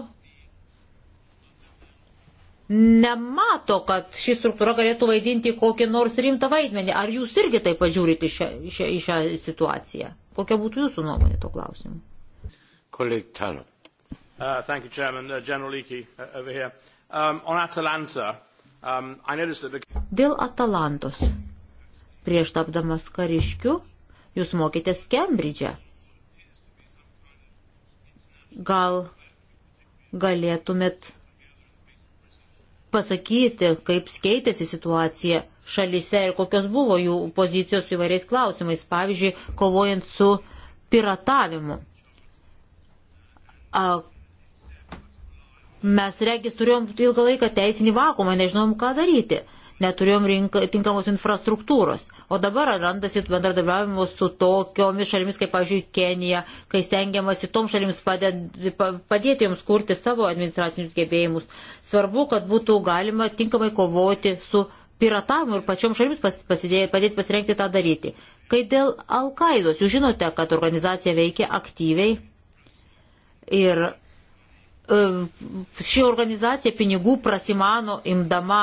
nemato, kad ši struktūra galėtų vaidinti kokį nors rimtą vaidmenį. Ar jūs irgi taip pažiūrite šią, šią, šią situaciją? Kokia būtų jūsų nuomonė to klausimu? Kolegtano. Uh, thank you, Chairman. Uh, General Leakey uh, over here. Um, on Atalanta, um, I noticed that the... Dėl Atalantos. Prieš tapdamas kariškiu, jūs mokėtės Kembridže. Gal galėtumėt pasakyti, kaip keitėsi situacija šalyse ir kokios buvo jų pozicijos įvairiais klausimais, pavyzdžiui, kovojant su piratavimu. A, mes regis turėjom ilgą laiką teisinį vakumą, nežinom, ką daryti neturėjom rinka, tinkamos infrastruktūros. O dabar randasi bendradarbiavimo su tokiomis šalimis, kaip, pavyzdžiui, Kenija, kai stengiamasi tom šalims padėti, padėti joms kurti savo administracinius gebėjimus. Svarbu, kad būtų galima tinkamai kovoti su piratavimu ir pačioms šalims pas, pasidė, padėti pasirengti tą daryti. Kai dėl Al-Qaidos, jūs žinote, kad organizacija veikia aktyviai ir e, ši organizacija pinigų prasimano imdama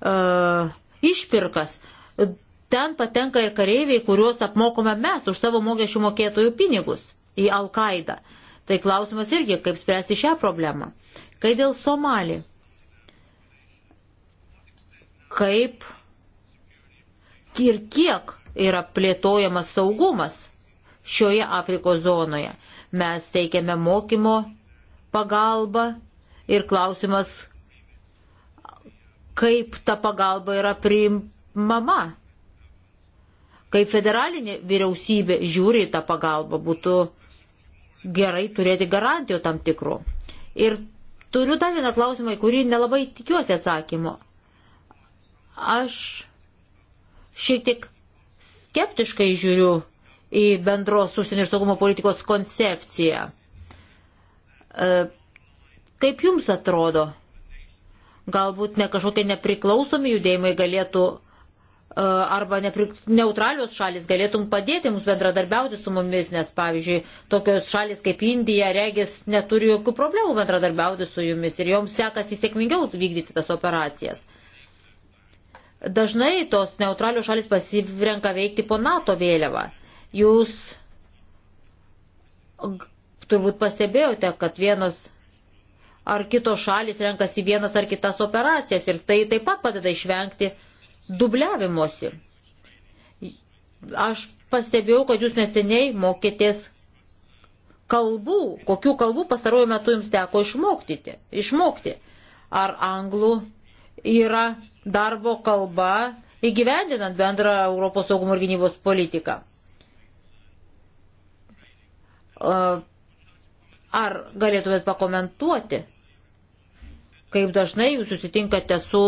uh, išpirkas. Ten patenka ir kareiviai, kuriuos apmokome mes už savo mokesčių mokėtojų pinigus į Al-Qaidą. Tai klausimas irgi, kaip spręsti šią problemą. Kai dėl Somali, kaip ir kiek yra plėtojamas saugumas šioje Afrikos zonoje. Mes teikiame mokymo pagalbą ir klausimas, kaip ta pagalba yra priimama, kaip federalinė vyriausybė žiūri į tą pagalbą, būtų gerai turėti garantijų tam tikrų. Ir turiu dar vieną klausimą, į kurį nelabai tikiuosi atsakymo. Aš šiek tiek skeptiškai žiūriu į bendros užsienio ir saugumo politikos koncepciją. E, kaip jums atrodo, Galbūt ne kažkokie nepriklausomi judėjimai galėtų e, arba nepri, neutralios šalis galėtum padėti mums bendradarbiauti su mumis, nes pavyzdžiui, tokios šalis kaip Indija, regis, neturi jokių problemų bendradarbiauti su jumis ir joms sekasi sėkmingiau vykdyti tas operacijas. Dažnai tos neutralios šalis pasirenka veikti po NATO vėliavą. Jūs turbūt pastebėjote, kad vienos ar kitos šalis renkasi vienas ar kitas operacijas ir tai taip pat padeda išvengti dubliavimuose. Aš pastebėjau, kad jūs neseniai mokėtės kalbų, kokių kalbų pastaruoju metu jums teko išmoktyti, išmokti. Ar anglų yra darbo kalba įgyvendinant bendrą Europos saugumo ir gynybos politiką? Ar galėtumėt pakomentuoti Kaip dažnai jūs susitinkate su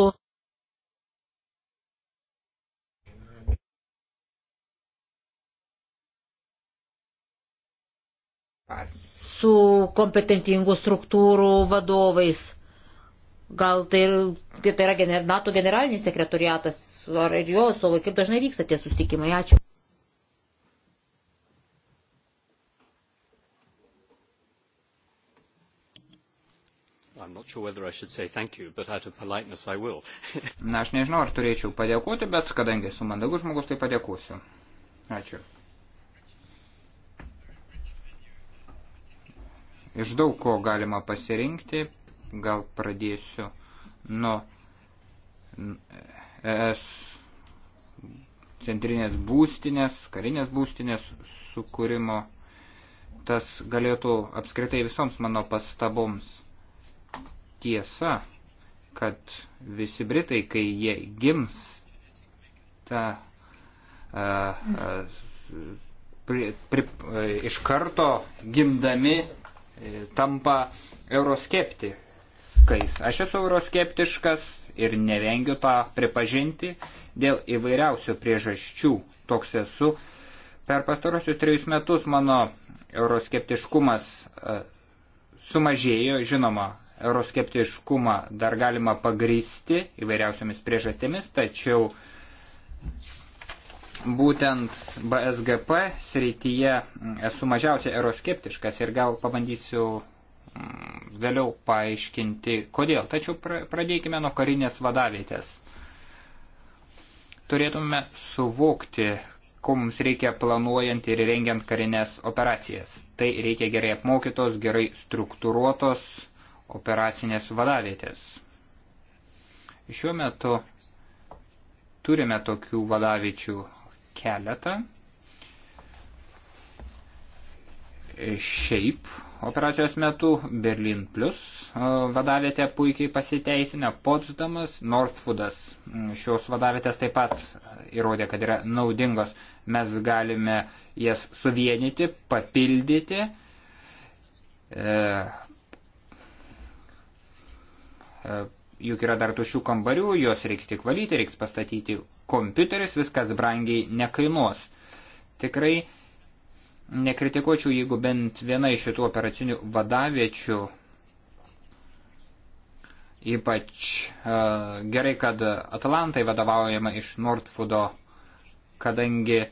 su kompetentingų struktūrų vadovais. Gal tai, tai yra gener, NATO generalinis sekretoriatas ar ir jo atstovai, kaip dažnai vyksta tie sustikimai. Ačiū. I'm not sure whether I should say thank you, but out of politeness I will. Na, aš nežinau, ar turėčiau padėkoti, bet kadangi esu mandagus žmogus, tai padėkosiu. Ačiū. Iš daug ko galima pasirinkti, gal pradėsiu nuo ES centrinės būstinės, karinės būstinės sukūrimo. Tas galėtų apskritai visoms mano pastaboms tiesa, kad visi Britai, kai jie gims tą a, a, pri, pri, a, iš karto gimdami e, tampa euroskeptikais. Aš esu euroskeptiškas ir nevengiu tą pripažinti dėl įvairiausių priežasčių. Toks esu. Per pastarosius trejus metus mano euroskeptiškumas sumažėjo, žinoma, euroskeptiškumą dar galima pagrysti įvairiausiamis priežastėmis, tačiau būtent BSGP srityje esu mažiausiai euroskeptiškas ir gal pabandysiu vėliau paaiškinti, kodėl. Tačiau pradėkime nuo karinės vadavietės. Turėtume suvokti, ko mums reikia planuojant ir rengiant karinės operacijas. Tai reikia gerai apmokytos, gerai struktūruotos operacinės vadavietės. Šiuo metu turime tokių vadaviečių keletą. Šiaip operacijos metu Berlin Plus e, vadavietė puikiai pasiteisinę, Potsdamas, Northwoodas mm, šios vadavietės taip pat įrodė, kad yra naudingos. Mes galime jas suvienyti, papildyti, e, juk yra dar tušių kambarių, juos reiks tik valyti, reiks pastatyti kompiuterius, viskas brangiai nekainuos. Tikrai nekritikuočiau, jeigu bent viena iš šitų operacinių vadaviečių, ypač uh, gerai, kad Atalantai vadovaujama iš Nordfudo, kadangi uh,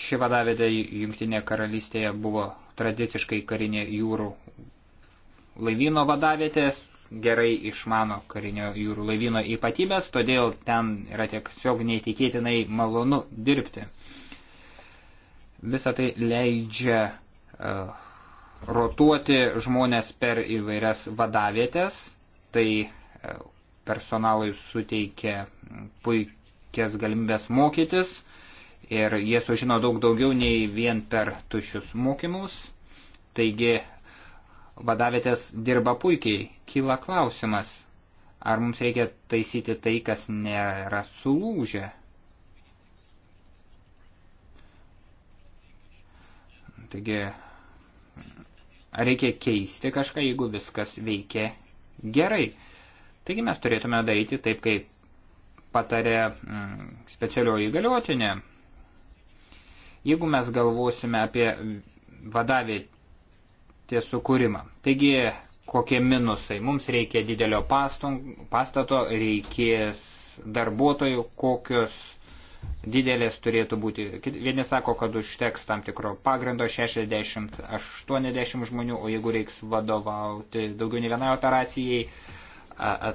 ši vadavietė Junktinėje karalystėje buvo tradiciškai karinė jūrų laivyno vadavietės, gerai išmano karinio jūrų laivyno ypatybės, todėl ten yra tiesiog neįtikėtinai malonu dirbti. Visą tai leidžia uh, rotuoti žmonės per įvairias vadavietės, tai uh, personalui suteikia puikias galimybės mokytis ir jie sužino daug daugiau nei vien per tušius mokymus. Taigi vadavėtės dirba puikiai. Kyla klausimas, ar mums reikia taisyti tai, kas nėra sulūžę. Taigi, ar reikia keisti kažką, jeigu viskas veikia gerai. Taigi mes turėtume daryti taip, kaip patarė mm, specialioji įgaliotinė. Jeigu mes galvosime apie vadavėtę, vertės sukūrimą. Taigi, kokie minusai? Mums reikia didelio pastato, reikės darbuotojų, kokios didelės turėtų būti. Vieni sako, kad užteks tam tikro pagrindo 60-80 žmonių, o jeigu reiks vadovauti daugiau ne vienai operacijai, a, a,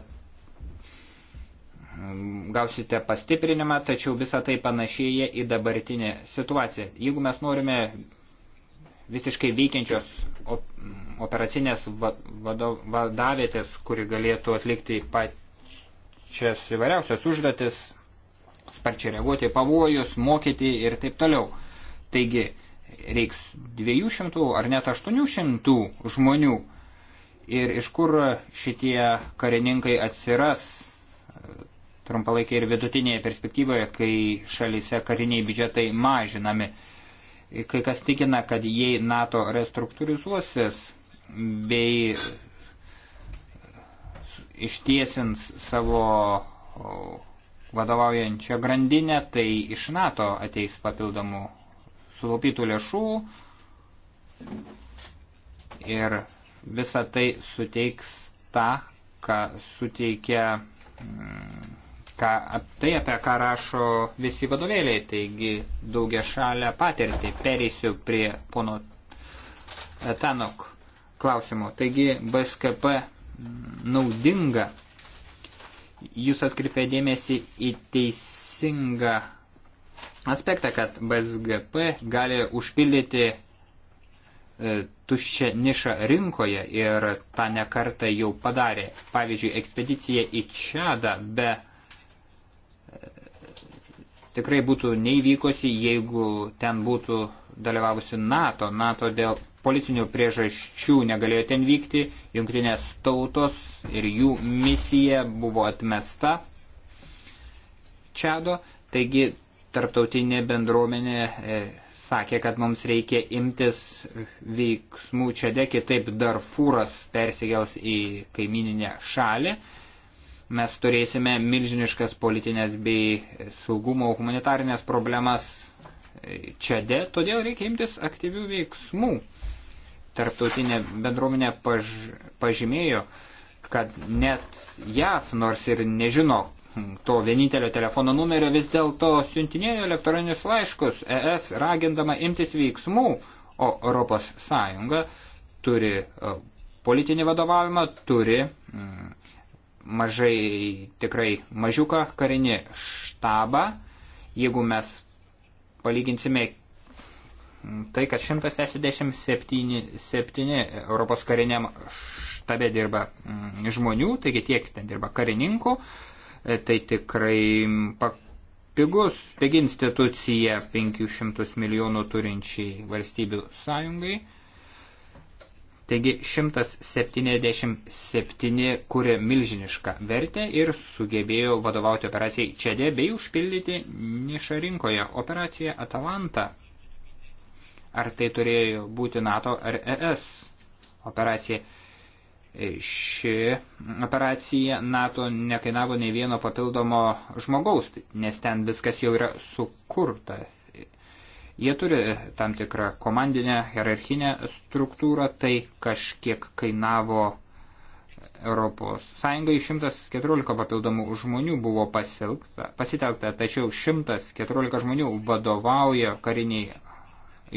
gausite pastiprinimą, tačiau visa tai panašėja į dabartinę situaciją. Jeigu mes norime visiškai veikiančios operacinės vadavėtės, kuri galėtų atlikti pačias įvairiausias užduotis, sparčiai reaguoti pavojus, mokyti ir taip toliau. Taigi reiks 200 ar net 800 žmonių. Ir iš kur šitie karininkai atsiras trumpalaikėje ir vidutinėje perspektyvoje, kai šalyse kariniai biudžetai mažinami. Kai kas tikina, kad jei NATO restruktūrizuosis bei ištiesins savo vadovaujančią grandinę, tai iš NATO ateis papildomų sutaupytų lėšų ir visa tai suteiks tą, ką suteikia mm, ką, tai, apie ką rašo visi vadovėliai, taigi daugia šalia patirtį. Pereisiu prie pono Tanok klausimo. Taigi BSKP naudinga. Jūs atkreipė dėmesį į teisingą aspektą, kad BSGP gali užpildyti e, tuščią nišą rinkoje ir tą nekartą jau padarė. Pavyzdžiui, ekspedicija į Čadą be uh, tikrai būtų neįvykusi, jeigu ten būtų dalyvavusi NATO. NATO dėl politinių priežasčių negalėjo ten vykti, jungtinės tautos ir jų misija buvo atmesta Čado, taigi tarptautinė bendruomenė e, sakė, kad mums reikia imtis veiksmų Čade, kitaip Darfūras persikels į kaimininę šalį. E, mes turėsime milžiniškas politinės bei saugumo humanitarinės problemas Čade, todėl reikia imtis aktyvių veiksmų. Tarptautinė bendruomenė paž, pažymėjo, kad net JAF, nors ir nežino to vienintelio telefono numerio, vis dėlto siuntinėjo elektroninius laiškus ES ragindama imtis veiksmų, o ES turi e, politinį vadovavimą, turi. Mm, mažai, tikrai mažiuką karinį štabą. Jeigu mes palyginsime tai, kad 167 Europos kariniam štabe dirba mm, žmonių, taigi tiek ten dirba karininkų, e, tai tikrai pigus, pigi institucija 500 milijonų turinčiai valstybių sąjungai. Taigi 177 kūrė milžinišką vertę ir sugebėjo vadovauti operacijai Čede bei užpildyti nišą rinkoje operaciją Atalanta. Ar tai turėjo būti NATO ar ES operacija? ši operacija NATO nekainavo nei vieno papildomo žmogaus, nes ten viskas jau yra sukurta. Jie turi tam tikrą komandinę, hierarchinę struktūrą, tai kažkiek kainavo Europos Sąjungai 114 papildomų žmonių buvo pasilgta, pasitelkta, tačiau 114 žmonių vadovauja kariniai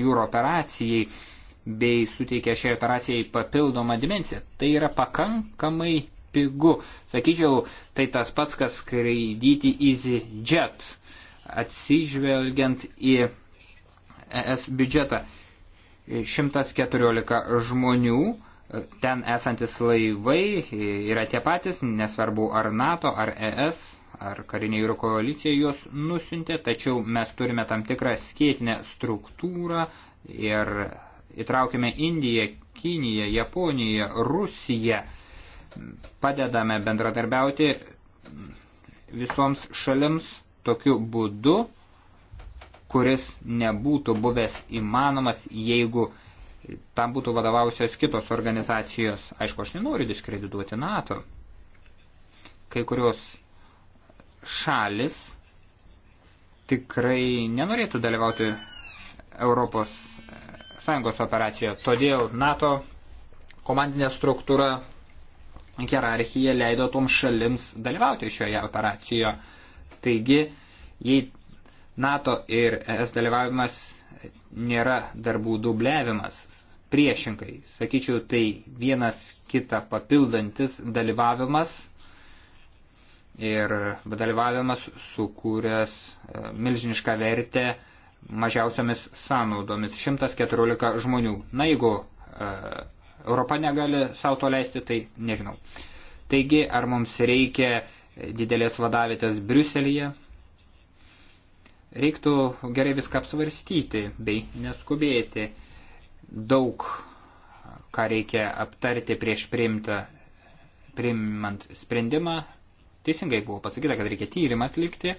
jūro operacijai bei suteikia šiai operacijai papildomą dimensiją. Tai yra pakankamai pigu. Sakyčiau, tai tas pats, kas skraidyti EasyJet, atsižvelgiant į ES biudžetą. 114 žmonių, ten esantis laivai yra tie patys, nesvarbu ar NATO, ar ES, ar karinė jūrų koalicija juos nusintė, tačiau mes turime tam tikrą skėtinę struktūrą ir įtraukime Indiją, Kiniją, Japoniją, Rusiją, padedame bendradarbiauti visoms šalims tokiu būdu kuris nebūtų buvęs įmanomas, jeigu tam būtų vadovausios kitos organizacijos. Aišku, aš nenoriu diskredituoti NATO. Kai kurios šalis tikrai nenorėtų dalyvauti Europos e, Sąjungos operacijoje. Todėl NATO komandinė struktūra hierarchija leido toms šalims dalyvauti šioje operacijoje. Taigi, jei NATO ir ES dalyvavimas nėra darbų dubliavimas. Priešinkai, sakyčiau, tai vienas kitą papildantis dalyvavimas ir dalyvavimas sukūręs e, milžinišką vertę mažiausiamis sąnaudomis 114 žmonių. Na, jeigu e, Europa negali savo to leisti, tai nežinau. Taigi, ar mums reikia didelės vadavitės Briuselėje, Reiktų gerai viską apsvarstyti bei neskubėti. Daug ką reikia aptarti prieš priimtą, priimant sprendimą. Teisingai buvo pasakyta, kad reikia tyrimą atlikti.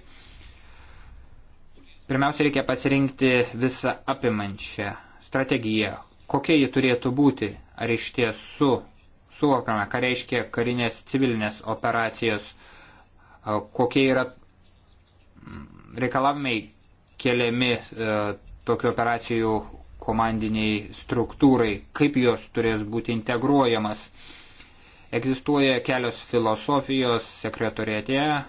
Pirmiausia, reikia pasirinkti visą apimančią strategiją. Kokia ji turėtų būti? Ar iš tiesų suvokiame, ką reiškia karinės civilinės operacijos, kokie yra reikalavimai keliami e, tokių operacijų komandiniai struktūrai, kaip jos turės būti integruojamas. Egzistuoja kelios filosofijos sekretorėtėje e,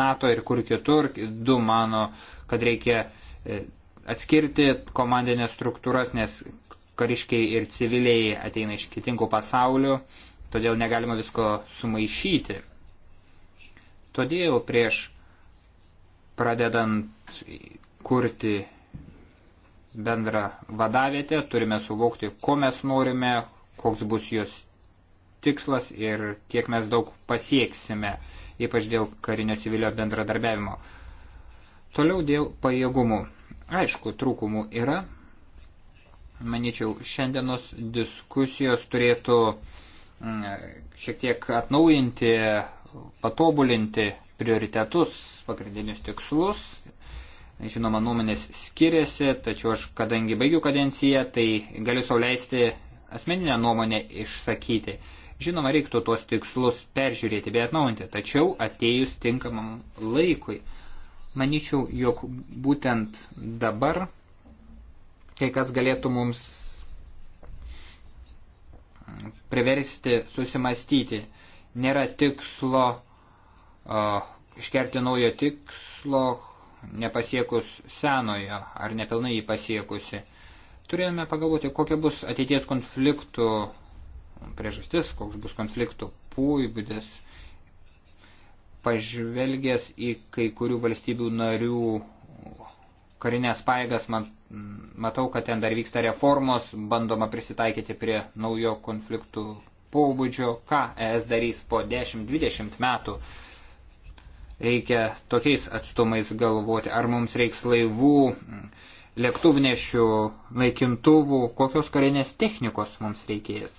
NATO ir kur kitur. Du mano, kad reikia e, atskirti komandinės struktūras, nes kariškiai ir civiliai ateina iš kitingų pasaulių, todėl negalima visko sumaišyti. Todėl prieš pradedant kurti bendrą vadavietę, turime suvokti, ko mes norime, koks bus jos tikslas ir kiek mes daug pasieksime, ypač dėl karinio civilio bendradarbiavimo. Toliau dėl pajėgumų. Aišku, trūkumų yra. Maničiau, šiandienos diskusijos turėtų mm, šiek tiek atnaujinti, patobulinti prioritetus, pagrindinius tikslus. Žinoma, nuomonės skiriasi, tačiau aš, kadangi baigiu kadenciją, tai galiu sauliaisti asmeninę nuomonę išsakyti. Žinoma, reiktų tuos tikslus peržiūrėti bei atnaujinti, tačiau atėjus tinkamam laikui. Maničiau, jog būtent dabar kai kas galėtų mums priversti susimastyti. Nėra tikslo iškerti naujo tikslo, nepasiekus senojo ar nepilnai jį pasiekusi. Turėjome pagalvoti, kokia bus ateities konfliktų priežastis, koks bus konfliktų pūjbudis. Pažvelgęs į kai kurių valstybių narių karinės paėgas, man, matau, kad ten dar vyksta reformos, bandoma prisitaikyti prie naujo konfliktų pobūdžio, ką ES darys po 10-20 metų reikia tokiais atstumais galvoti, ar mums reiks laivų, lėktuvnešių, naikintuvų, kokios karinės technikos mums reikės.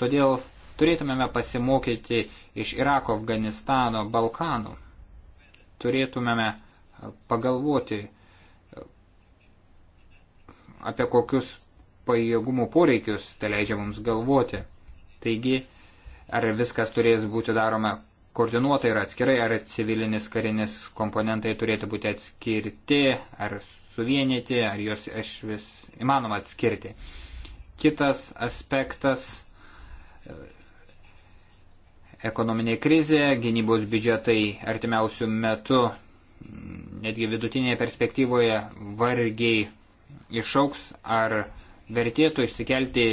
Todėl turėtumėme pasimokyti iš Irako, Afganistano, Balkanų. Turėtumėme pagalvoti apie kokius pajėgumų poreikius tai leidžia mums galvoti. Taigi, ar viskas turės būti daroma koordinuotai ir atskirai, ar civilinis karinis komponentai turėtų būti atskirti, ar suvienyti, ar juos aš vis įmanoma atskirti. Kitas aspektas - ekonominė krizė, gynybos biudžetai artimiausių metų, netgi vidutinėje perspektyvoje vargiai išauks, ar vertėtų išsikelti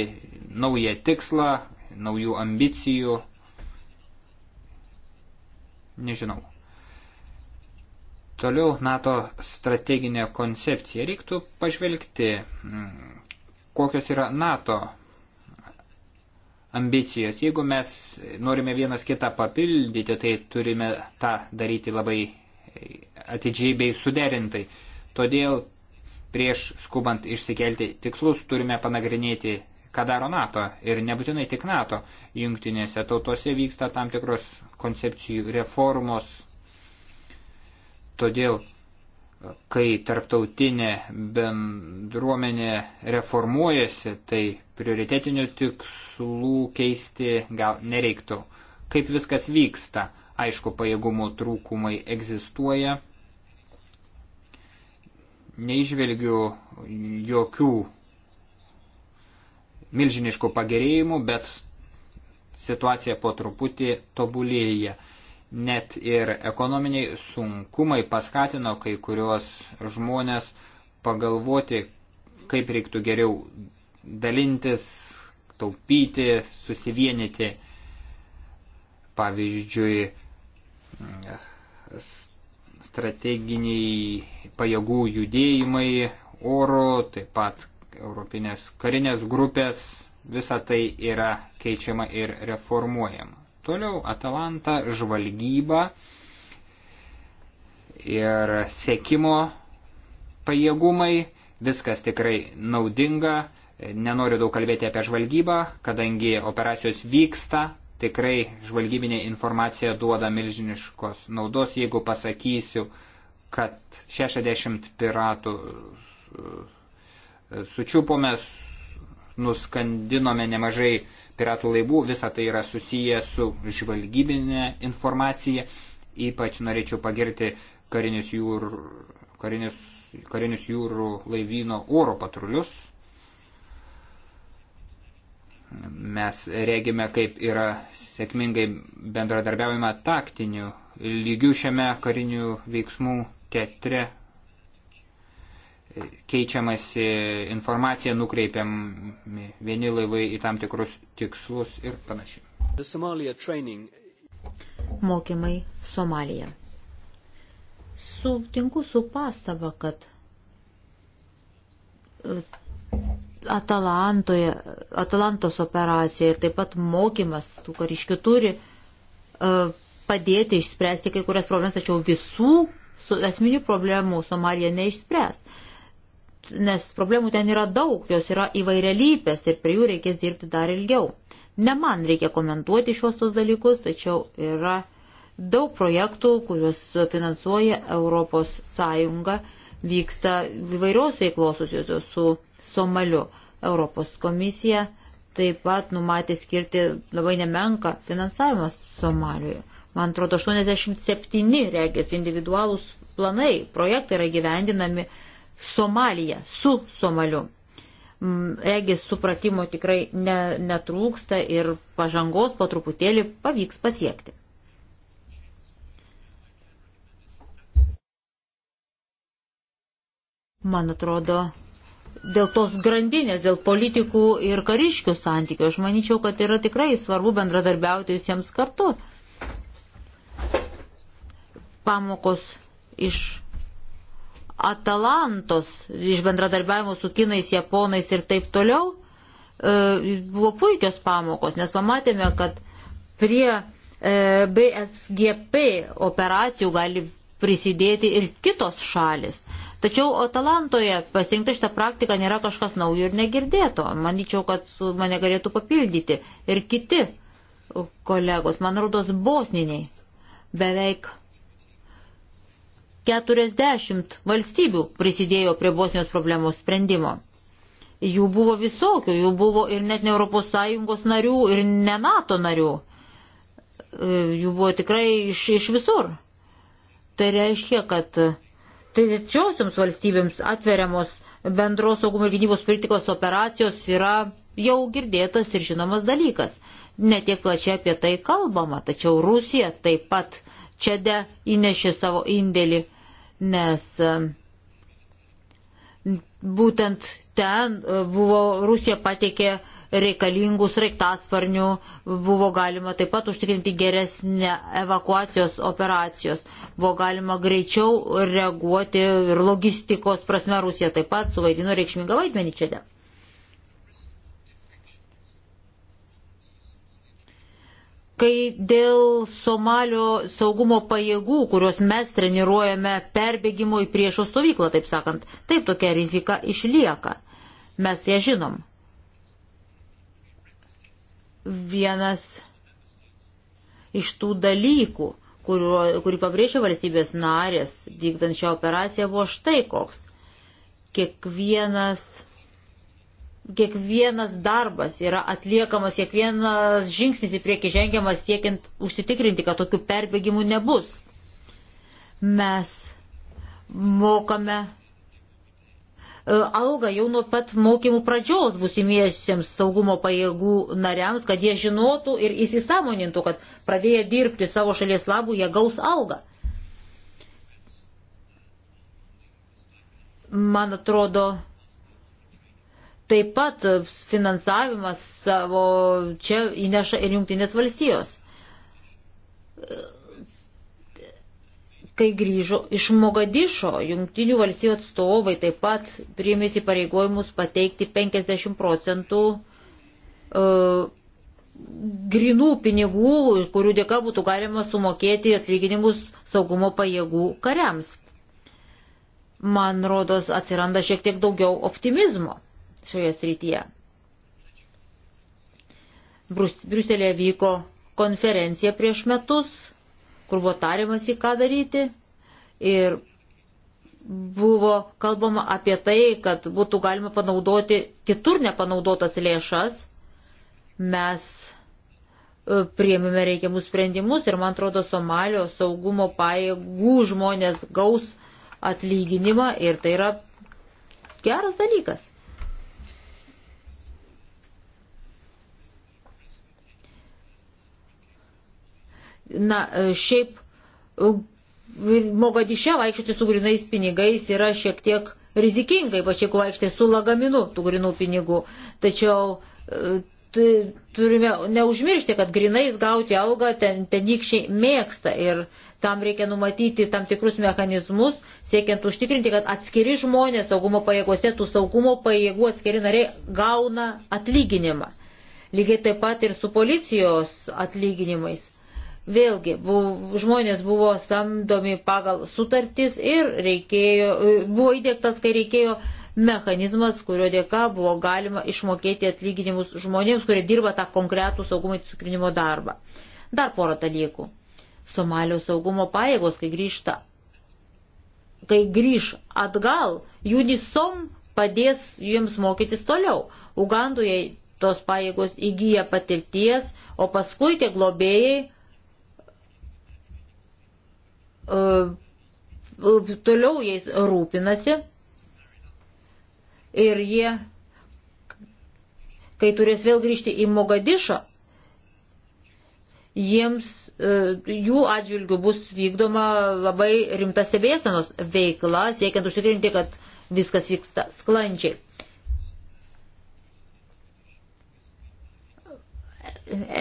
naują tikslą, naujų ambicijų Nežinau. Toliau NATO strateginė koncepcija. Reiktų pažvelgti, mm, kokios yra NATO ambicijos. Jeigu mes norime vienas kitą papildyti, tai turime tą daryti labai atidžiai bei suderintai. Todėl prieš skubant išsikelti tikslus turime panagrinėti ką daro NATO ir nebūtinai tik NATO. Jungtinėse tautose vyksta tam tikros koncepcijų reformos. Todėl, kai tarptautinė bendruomenė reformuojasi, tai prioritetinių tikslų keisti gal nereiktų. Kaip viskas vyksta? Aišku, pajėgumo trūkumai egzistuoja. Neižvelgiu jokių milžiniškų pagerėjimų, bet situacija po truputį tobulėja. Net ir ekonominiai sunkumai paskatino kai kuriuos žmonės pagalvoti, kaip reiktų geriau dalintis, taupyti, susivienyti. Pavyzdžiui, strateginiai pajėgų judėjimai oro, taip pat Europinės karinės grupės, visa tai yra keičiama ir reformuojama. Toliau Atalanta žvalgyba ir sėkimo pajėgumai, viskas tikrai naudinga, nenoriu daug kalbėti apie žvalgybą, kadangi operacijos vyksta, tikrai žvalgybinė informacija duoda milžiniškos naudos, jeigu pasakysiu, kad 60 piratų sučiupome, nuskandinome nemažai piratų laivų, visa tai yra susiję su žvalgybinė informacija. Ypač norėčiau pagirti karinius jūrų, karinius, karinius jūrų laivyno oro patrulius. Mes regime, kaip yra sėkmingai bendradarbiavime taktiniu lygių šiame karinių veiksmų teatre keičiamasi informacija, nukreipiam vieni laivai į tam tikrus tikslus ir panašiai. Mokymai Somalija. Sutinku su pastaba, kad e, Atalantoje, Atalantos operacija ir taip pat mokymas tų kariškių turi e, padėti išspręsti kai kurias problemas, tačiau visų esminių problemų Somalija neišspręs nes problemų ten yra daug, jos yra įvairialypės ir prie jų reikės dirbti dar ilgiau. Ne man reikia komentuoti šios tos dalykus, tačiau yra daug projektų, kuriuos finansuoja Europos Sąjunga, vyksta įvairios veiklos susijusios su Somaliu. Europos komisija taip pat numatė skirti labai nemenką finansavimą Somalijoje. Man atrodo, 87 regės individualūs planai, projektai yra gyvendinami Somalija su Somaliu. Mm, regis supratimo tikrai ne, netrūksta ir pažangos po truputėlį pavyks pasiekti. Man atrodo, dėl tos grandinės, dėl politikų ir kariškių santykių. Aš manyčiau, kad yra tikrai svarbu bendradarbiauti visiems kartu. Pamokos iš Atalantos iš bendradarbiavimo su kinais, japonais ir taip toliau e, buvo puikios pamokos, nes pamatėme, kad prie e, BSGP operacijų gali prisidėti ir kitos šalis. Tačiau Atalantoje pasirinkta šitą praktiką nėra kažkas naujo ir negirdėto. Manyčiau, kad mane galėtų papildyti ir kiti kolegos, man rodos, bosniniai beveik 40 valstybių prisidėjo prie Bosnijos problemos sprendimo. Jų buvo visokių, jų buvo ir net ne ES narių, ir ne NATO narių. E, jų buvo tikrai iš, iš visur. Tai reiškia, kad trečiosioms valstybėms atveriamos bendros saugumo ir gynybos politikos operacijos yra jau girdėtas ir žinomas dalykas. Netiek plačiai apie tai kalbama, tačiau Rusija taip pat čia de įnešė savo indėlį nes e, būtent ten e, buvo Rusija pateikė reikalingus reiktasparnių, buvo galima taip pat užtikrinti geresnę evakuacijos operacijos, buvo galima greičiau reaguoti ir logistikos prasme Rusija taip pat suvaidino reikšmingą vaidmenį čia. De. Kai dėl Somalio saugumo pajėgų, kurios mes treniruojame perbėgimo į priešo stovyklą, taip sakant, taip tokia rizika išlieka. Mes ją žinom. Vienas iš tų dalykų, kurio, kurį pabrėžė valstybės narės, vykdant šią operaciją, buvo štai koks. Kiekvienas kiekvienas darbas yra atliekamas, kiekvienas žingsnis į priekį žengiamas, siekiant užsitikrinti, kad tokių perbėgimų nebus. Mes mokame e, auga jau nuo pat mokymų pradžios busimiesiems saugumo pajėgų nariams, kad jie žinotų ir įsisamonintų, kad pradėję dirbti savo šalies labų, jie gaus algą. Man atrodo, Taip pat finansavimas savo čia įneša ir jungtinės valstijos. Kai grįžo iš Mogadišo, jungtinių valstijų atstovai taip pat priėmėsi pareigojimus pateikti 50 procentų uh, grinų pinigų, kurių dėka būtų galima sumokėti atlyginimus saugumo pajėgų kariams. Man rodos, atsiranda šiek tiek daugiau optimizmo šioje srityje. Brus, Briuselėje vyko konferencija prieš metus, kur buvo tariamas į ką daryti ir buvo kalbama apie tai, kad būtų galima panaudoti kitur nepanaudotas lėšas. Mes e, priėmėme reikiamus sprendimus ir man atrodo Somalio saugumo pajėgų žmonės gaus atlyginimą ir tai yra geras dalykas. Na, e, šiaip e, Mogadiše vaikščioti su grinais pinigais yra šiek tiek rizikinga, ypač jeigu vaikštė su lagaminu tų grinų pinigų. Tačiau tai, turime neužmiršti, kad grinais gauti algą ten, tenykščiai mėgsta ir tam reikia numatyti tam tikrus mechanizmus, siekiant užtikrinti, kad atskiri žmonės saugumo pajėgose, tų saugumo pajėgų atskiri nariai gauna atlyginimą. Lygiai taip pat ir su policijos atlyginimais. Vėlgi, buv, žmonės buvo samdomi pagal sutartis ir reikėjo, e, buvo įdėktas, kai reikėjo mechanizmas, kurio dėka buvo galima išmokėti atlyginimus žmonėms, kurie dirba tą konkretų saugumo įtikrinimo darbą. Dar porą dalykų. Somalio saugumo pajėgos, kai grįžta, kai grįž atgal, Junisom padės jiems mokytis toliau. Ugandoje tos pajėgos įgyja patirties, o paskui tie globėjai E, toliau jais rūpinasi ir jie, kai turės vėl grįžti į Mogadišą, jiems e, jų atžvilgių bus vykdoma labai rimta stebėsenos veikla, siekiant užtikrinti, kad viskas vyksta sklandžiai.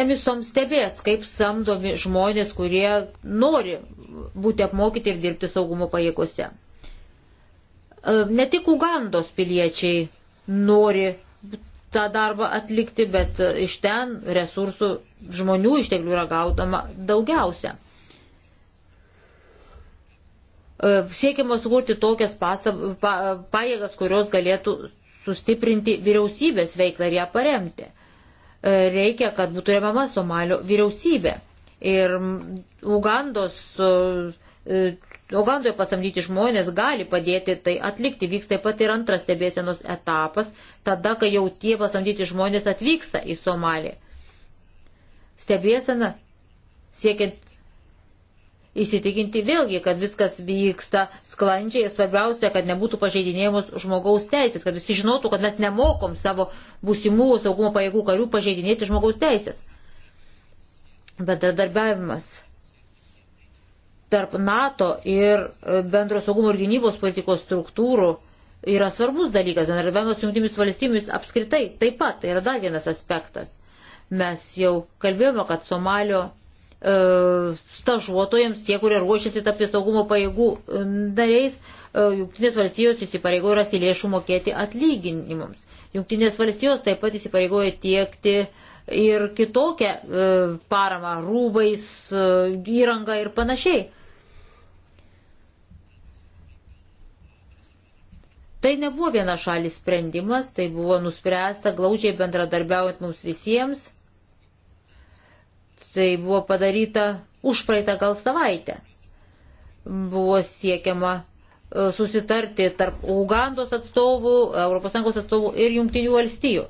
Emisom stebės, kaip samdomi žmonės, kurie nori būti apmokyti ir dirbti saugumo pajėgose. E, ne tik Ugandos piliečiai nori tą darbą atlikti, bet iš ten resursų žmonių išteklių yra gaudama daugiausia. E, siekiama sukurti tokias pasab, pa, pajėgas, kurios galėtų sustiprinti vyriausybės veiklą ir ją paremti. E, reikia, kad būtų remiama Somalio vyriausybė. Ir Ugandos, e, Ugandoje pasamdyti žmonės gali padėti tai atlikti. Vyks taip pat ir antras stebėsenos etapas, tada, kai jau tie pasamdyti žmonės atvyksta į Somalį. Stebėsena siekiant įsitikinti vėlgi, kad viskas vyksta sklandžiai ir svarbiausia, kad nebūtų pažeidinėjamos žmogaus teisės, kad visi žinotų, kad mes nemokom savo būsimų saugumo pajėgų karių pažeidinėti žmogaus teisės. Bendradarbiavimas tarp NATO ir bendro saugumo ir gynybos politikos struktūrų yra svarbus dalykas. Bendradarbiavimas su jungtimis valstybėmis apskritai taip pat tai yra dar vienas aspektas. Mes jau kalbėjome, kad Somalio e, stažuotojams, tie, kurie ruošiasi tapti saugumo pajėgų e, nariais, e, Junktinės valstijos įsipareigoja rasti lėšų mokėti atlyginimams. Junktinės valstijos taip pat įsipareigoja tiekti uh, ir kitokią e, paramą rūbais, e, įrangą ir panašiai. Tai nebuvo viena šalis sprendimas, tai buvo nuspręsta glaudžiai bendradarbiaujant mums visiems. Tai buvo padaryta už praeitą gal savaitę. Buvo siekiama e, susitarti tarp Ugandos atstovų, ES atstovų ir Junktinių valstijų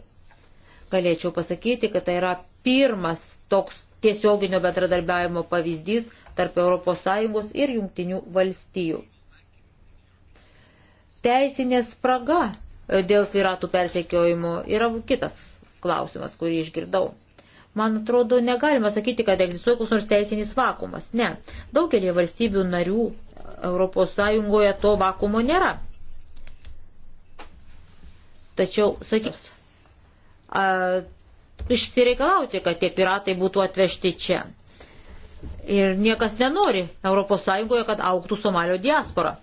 galėčiau pasakyti, kad tai yra pirmas toks tiesioginio bendradarbiavimo pavyzdys tarp ES ir jungtinių valstijų. Teisinė spraga dėl piratų persekiojimo yra kitas klausimas, kurį išgirdau. Man atrodo, negalima sakyti, kad egzistuoja koks nors teisinis vakumas. Ne. Daugelį valstybių narių ES to vakumo nėra. Tačiau, sakysiu, a, išsireikalauti, kad tie piratai būtų atvežti čia. Ir niekas nenori ES, kad auktų Somalio diaspora.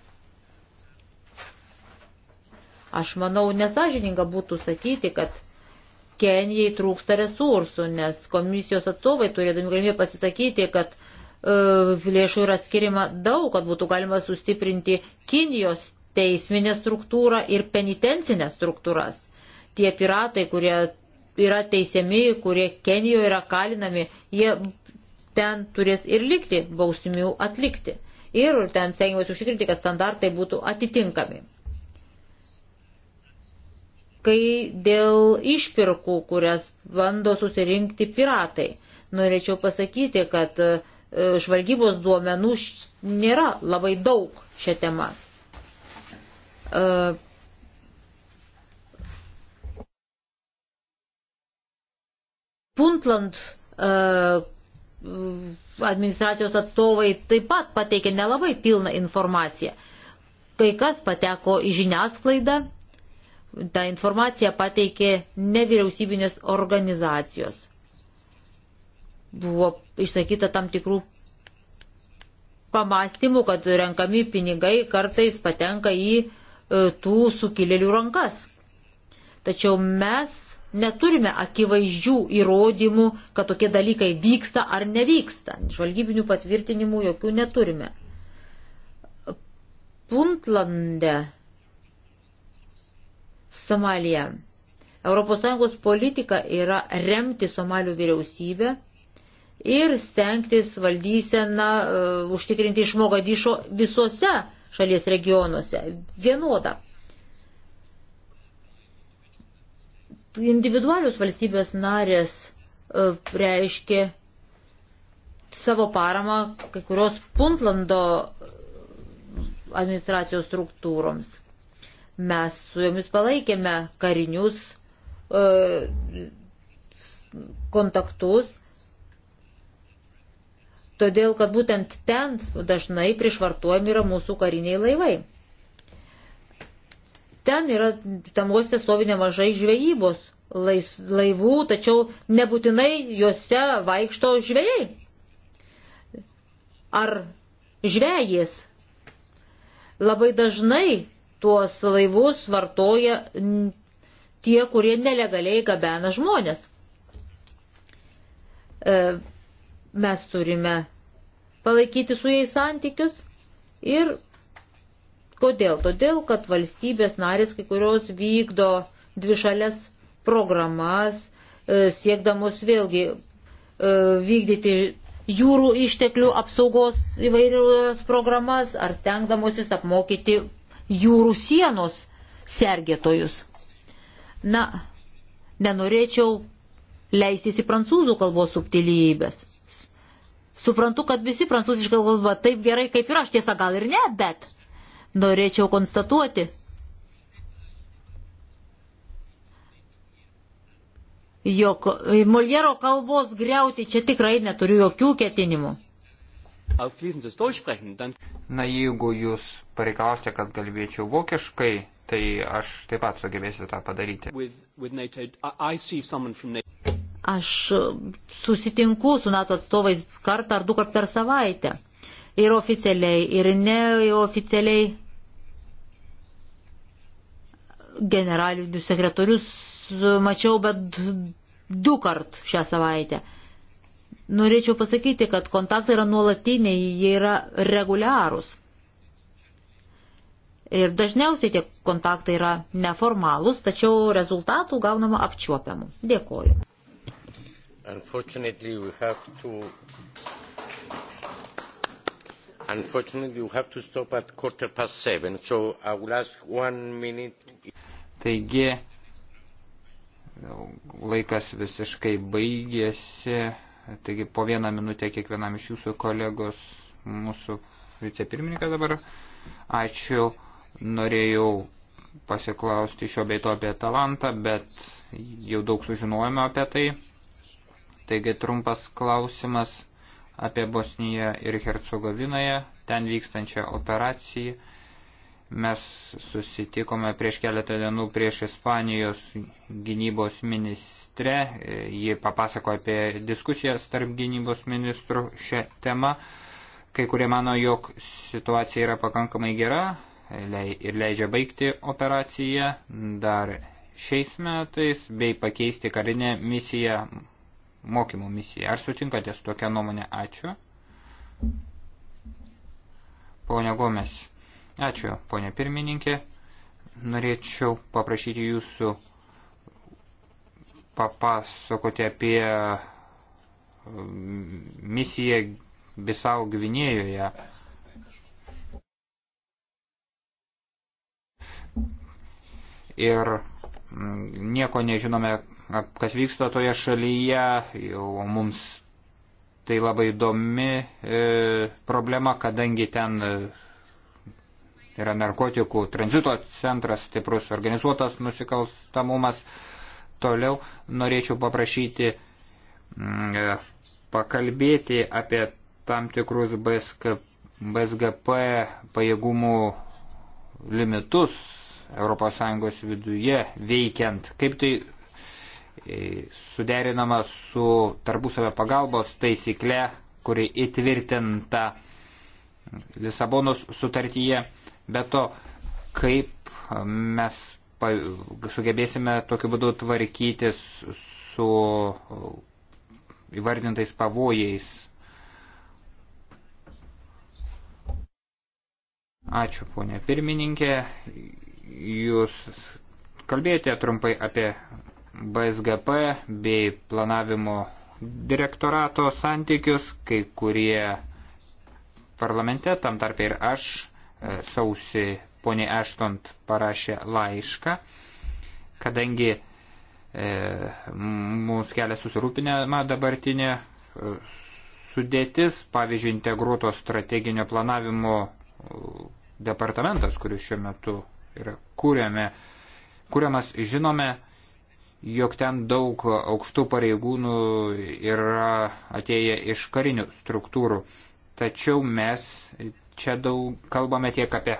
Aš manau, nesažininga būtų sakyti, kad Kenijai trūksta resursų, nes komisijos atstovai turėdami galimybę pasisakyti, kad e, lėšų yra skirima daug, kad būtų galima sustiprinti Kinijos teisminę struktūrą ir penitencinę struktūras tie piratai, kurie yra teisiami, kurie Kenijoje yra kalinami, jie ten turės ir likti bausmių atlikti. Ir ten stengiamės užtikrinti, kad standartai būtų atitinkami. Kai dėl išpirkų, kurias bando susirinkti piratai, norėčiau pasakyti, kad e, žvalgybos duomenų nėra labai daug šią temą e, Puntland e, administracijos atstovai taip pat pateikė nelabai pilną informaciją. Kai kas pateko į žiniasklaidą, tą informaciją pateikė nevyriausybinės organizacijos. Buvo išsakyta tam tikrų pamastymų, kad renkami pinigai kartais patenka į e, tų sukilėlių rankas. Tačiau mes neturime akivaizdžių įrodymų, kad tokie dalykai vyksta ar nevyksta. Žvalgybinių patvirtinimų jokių neturime. Puntlande, Somalija. ES politika yra remti Somalių vyriausybę ir stengtis valdyseną uh, užtikrinti iš Mogadišo visose šalies regionuose vienodą. individualius valstybės narės e, reiškia savo paramą kai kurios Puntlando e, administracijos struktūroms. Mes su jomis palaikėme karinius e, kontaktus, todėl kad būtent ten dažnai prišvartuojami yra mūsų kariniai laivai. Ten yra, tam uoste stovi nemažai žvejybos lais, laivų, tačiau nebūtinai juose vaikšto žvėjai. Ar žvėjės labai dažnai tuos laivus vartoja tie, kurie nelegaliai gabena žmonės. E, mes turime palaikyti su jais santykius ir Kodėl? Todėl, kad valstybės narės, kai kurios vykdo dvišalės programas, e, siekdamos vėlgi e, vykdyti jūrų išteklių apsaugos įvairios programas ar stengdamosis apmokyti jūrų sienos sergėtojus. Na, nenorėčiau leistis į prancūzų kalbos subtilybės. Suprantu, kad visi prancūziškai kalba taip gerai kaip ir aš, tiesa gal ir ne, bet uh, norėčiau konstatuoti, jog Moljero kalbos greuti čia tikrai neturiu jokių ketinimų. Na jeigu jūs pareikalausite, kad kalbėčiau vokiškai, tai aš taip pat sugebėsiu tą padaryti. Aš susitinku su NATO atstovais kartą ar du kartus per savaitę. Ir oficialiai, ir neoficialiai generalinius sekretorius mačiau, bet du kart šią savaitę. Norėčiau pasakyti, kad kontaktai yra nuolatiniai, jie yra reguliarūs. Ir dažniausiai tie kontaktai yra neformalūs, tačiau rezultatų gaunama apčiuopiamų. Dėkoju. Unfortunately, we have to unfortunately you have to stop at quarter past seven so i will ask one minute Taigi laikas visiškai baigėsi, taigi po vieną minutę kiekvienam iš jūsų kolegos, mūsų vicepirmininkas dabar. Ačiū, norėjau pasiklausti šio beito apie talantą, bet jau daug sužinojome apie tai. Taigi trumpas klausimas apie Bosniją ir Hercegovinoje, ten vykstančią operaciją. Mes susitikome prieš keletą dienų prieš Ispanijos gynybos ministrę. Ji papasako apie diskusijas tarp gynybos ministrų šią temą. Kai kurie mano, jog situacija yra pakankamai gera ir leidžia baigti operaciją dar šiais metais bei pakeisti karinę misiją, mokymų misiją. Ar sutinkate su tokia nuomonė? Ačiū. Pone Gomes. Ačiū, ponė pirmininkė. Norėčiau paprašyti jūsų papasakoti apie mm, misiją Bisau Gvinėjoje. Ir mm, nieko nežinome, kas vyksta toje šalyje, jau mums tai labai įdomi e, problema, kadangi ten yra narkotikų tranzito centras, stiprus organizuotas nusikalstamumas. Toliau norėčiau paprašyti m, mm, e, pakalbėti apie tam tikrus BSK, BSGP pajėgumų limitus ES viduje veikiant. Kaip tai e, suderinama su tarpusavio pagalbos taisykle, kuri įtvirtinta Lisabonos sutartyje. Be to, kaip mes sugebėsime tokiu būdu tvarkytis su įvardintais pavojais. Ačiū, ponė pirmininkė. Jūs kalbėjote trumpai apie BSGP bei planavimo direktorato santykius, kai kurie parlamente, tam tarp ir aš sausį ponė Eštont parašė laišką, kadangi e, mūsų kelia susirūpinama dabartinė e, sudėtis, pavyzdžiui, integruoto strateginio planavimo e, departamentas, kuris šiuo metu yra kūriame, kūriamas, žinome, jog ten daug aukštų pareigūnų yra atėję iš karinių struktūrų. Tačiau mes čia daug kalbame tiek apie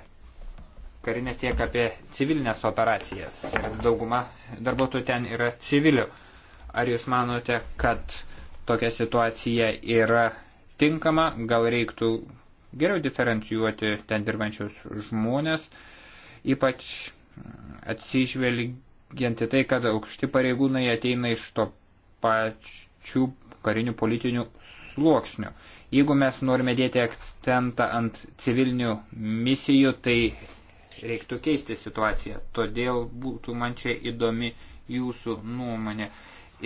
karinės, tiek apie civilinės operacijas. Ir dauguma darbuotojų ten yra civilių. Ar jūs manote, kad tokia situacija yra tinkama, gal reiktų geriau diferencijuoti ten dirbančius žmonės, ypač atsižvelgiant į tai, kad aukšti pareigūnai ateina iš to pačių karinių politinių sluoksnių. Jeigu mes norime dėti akcentą ant civilinių misijų, tai reiktų keisti situaciją. Todėl būtų man čia įdomi jūsų nuomonė.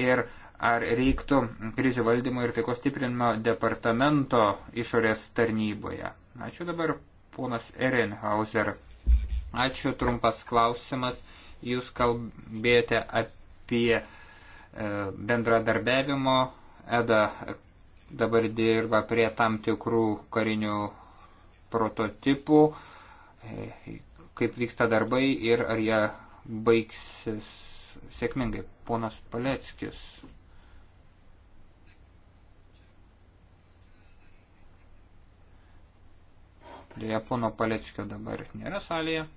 Ir ar reiktų krizių valdymo ir taikos stiprinimo departamento išorės tarnyboje. Ačiū dabar, ponas Erinhauser. Ačiū, trumpas klausimas. Jūs kalbėjote apie e, bendradarbiavimo EDA dabar dirba prie tam tikrų karinių prototipų, e, kaip vyksta darbai ir ar jie baigsis sėkmingai. Ponas Paleckis. Dėja, pono Paleckio dabar nėra salėje.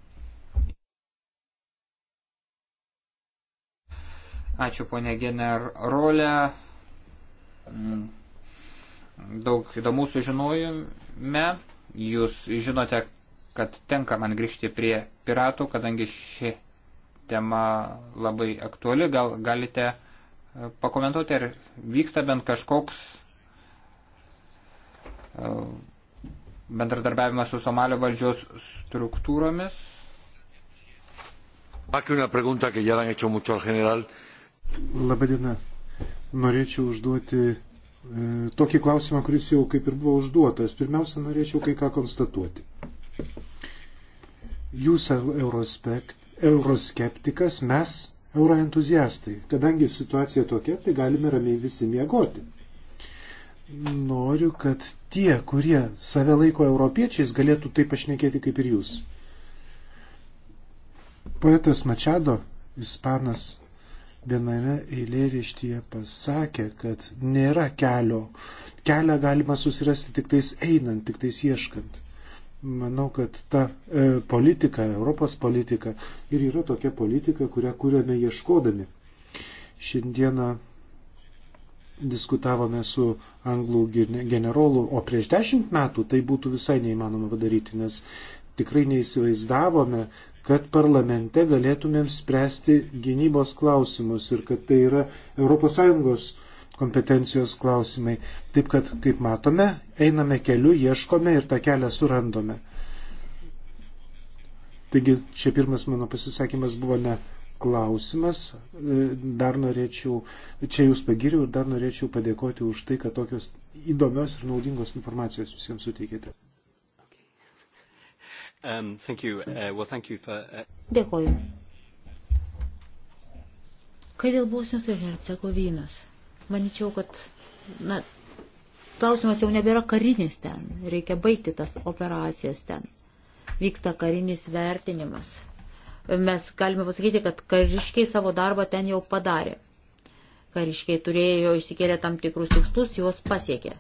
Ačiū, ponė generolė. Mm daug įdomų sužinojome. Jūs žinote, kad tenka man grįžti prie piratų, kadangi ši tema labai aktuali. Gal galite e, pakomentuoti, ar vyksta bent kažkoks e, bendradarbiavimas su Somalio valdžios struktūromis? Labadiena. Norėčiau užduoti E, tokį klausimą, kuris jau kaip ir buvo užduotas. Pirmiausia, norėčiau kai ką konstatuoti. Jūs eurospekt, euroskeptikas, mes euroentuziastai. Kadangi situacija tokia, tai galime ramiai visi miegoti. Noriu, kad tie, kurie save laiko europiečiais, galėtų taip pašnekėti kaip ir jūs. Poetas Mačado, ispanas, viename eilėrištyje pasakė, kad nėra kelio. Kelią galima susirasti tik tais einant, tik tais ieškant. Manau, kad ta e, politika, Europos politika ir yra tokia politika, kurią kūrėme ieškodami. Šiandieną diskutavome su anglų generolu, o prieš dešimt metų tai būtų visai neįmanoma padaryti, nes tikrai neįsivaizdavome, kad parlamente galėtumėm spręsti gynybos klausimus ir kad tai yra ES kompetencijos klausimai. Taip kad, kaip matome, einame keliu, ieškome ir tą kelią surandome. Taigi, čia pirmas mano pasisakymas buvo ne klausimas. E, dar norėčiau, čia jūs pagiriu ir dar norėčiau padėkoti už tai, kad tokios įdomios ir naudingos informacijos visiems suteikėte. Um, thank you. Uh, well, thank you for, uh... Dėkoju. Kai dėl Bosnios ir Hercegovinos, manyčiau, kad na, klausimas jau nebėra karinis ten, reikia baigti tas operacijas ten. Vyksta karinis vertinimas. Mes galime pasakyti, kad kariškiai savo darbą ten jau padarė. Kariškiai turėjo išsikėlę tam tikrus tikslus, juos pasiekė.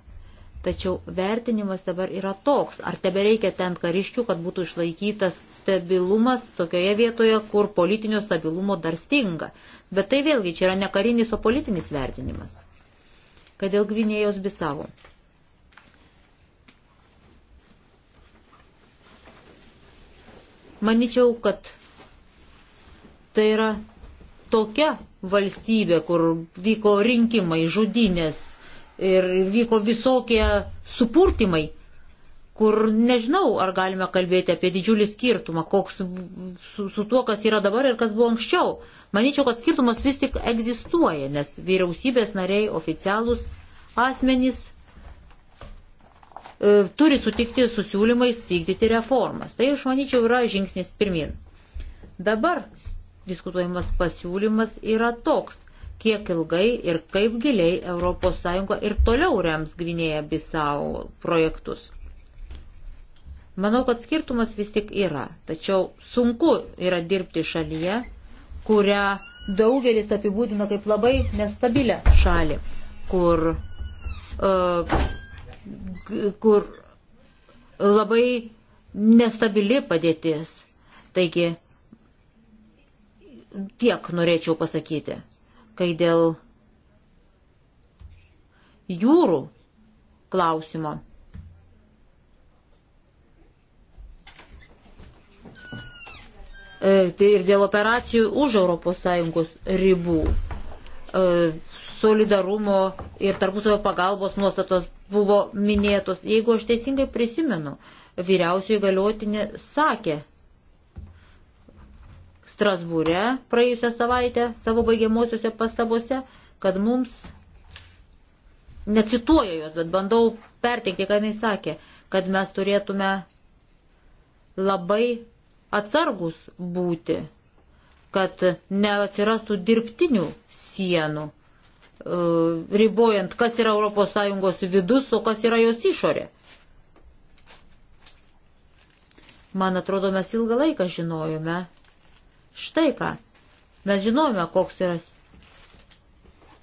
Tačiau vertinimas dabar yra toks, ar tebe reikia ten kariškių, kad būtų išlaikytas stabilumas tokioje vietoje, kur politinio stabilumo dar stinga. Bet tai vėlgi čia yra ne karinis, o politinis vertinimas. Kad dėl Gvinėjos bisavo. Maničiau, kad tai yra tokia valstybė, kur vyko rinkimai, žudinės, ir vyko visokie supurtimai, kur nežinau, ar galime kalbėti apie didžiulį skirtumą, koks su, su tuo, kas yra dabar ir kas buvo anksčiau. Manyčiau, kad skirtumas vis tik egzistuoja, nes vyriausybės nariai, oficialūs asmenys e, turi sutikti su siūlymais vykdyti reformas. Tai, aš manyčiau, yra žingsnis pirmin. Dabar diskutuojamas pasiūlymas yra toks, kiek ilgai ir kaip giliai ES ir toliau rems Gvinėja Bisau projektus. Manau, kad skirtumas vis tik yra, tačiau sunku yra dirbti šalyje, kurią daugelis apibūdina kaip labai nestabilę šalį, kur, uh, kur labai nestabili padėtis. Taigi, tiek norėčiau pasakyti kai dėl jūrų klausimo. E, tai ir dėl operacijų už ES ribų e, solidarumo ir tarpusavio pagalbos nuostatos buvo minėtos. Jeigu aš teisingai prisimenu, vyriausioji galiotinė sakė, Strasbūre praėjusią savaitę savo baigiamosiuose pastabose, kad mums, necituoju jos, bet bandau perteikti, ką jinai sakė, kad mes turėtume labai atsargus būti, kad neatsirastų dirbtinių sienų, e, ribojant, kas yra ES vidus, o kas yra jos išorė. Man atrodo, mes ilgą laiką žinojome, štai ką. Mes žinojame, yra,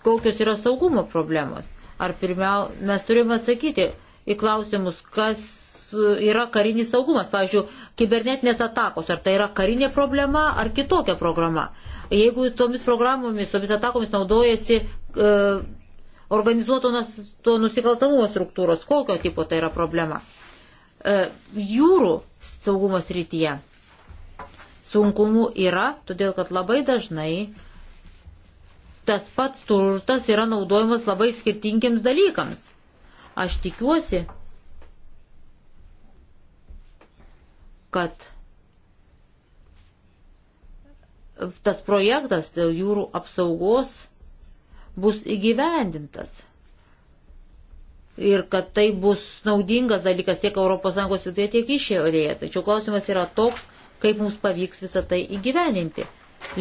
kokios yra saugumo problemos. Ar pirmiau, mes turime atsakyti į klausimus, kas yra karinis saugumas. Pavyzdžiui, kibernetinės atakos, ar tai yra karinė problema, ar kitokia programa. Jeigu tomis programomis, tomis atakomis naudojasi e, organizuoto to nusikaltamumo struktūros, kokio tipo tai yra problema. E, jūrų saugumos rytyje sunkumų yra, todėl kad labai dažnai tas pats turtas yra naudojamas labai skirtingiams dalykams. Aš tikiuosi, kad tas projektas dėl jūrų apsaugos bus įgyvendintas. Ir kad tai bus naudingas dalykas tiek ES viduje, tiek išėlėje. Tačiau klausimas yra toks, kaip mums pavyks visą tai įgyveninti.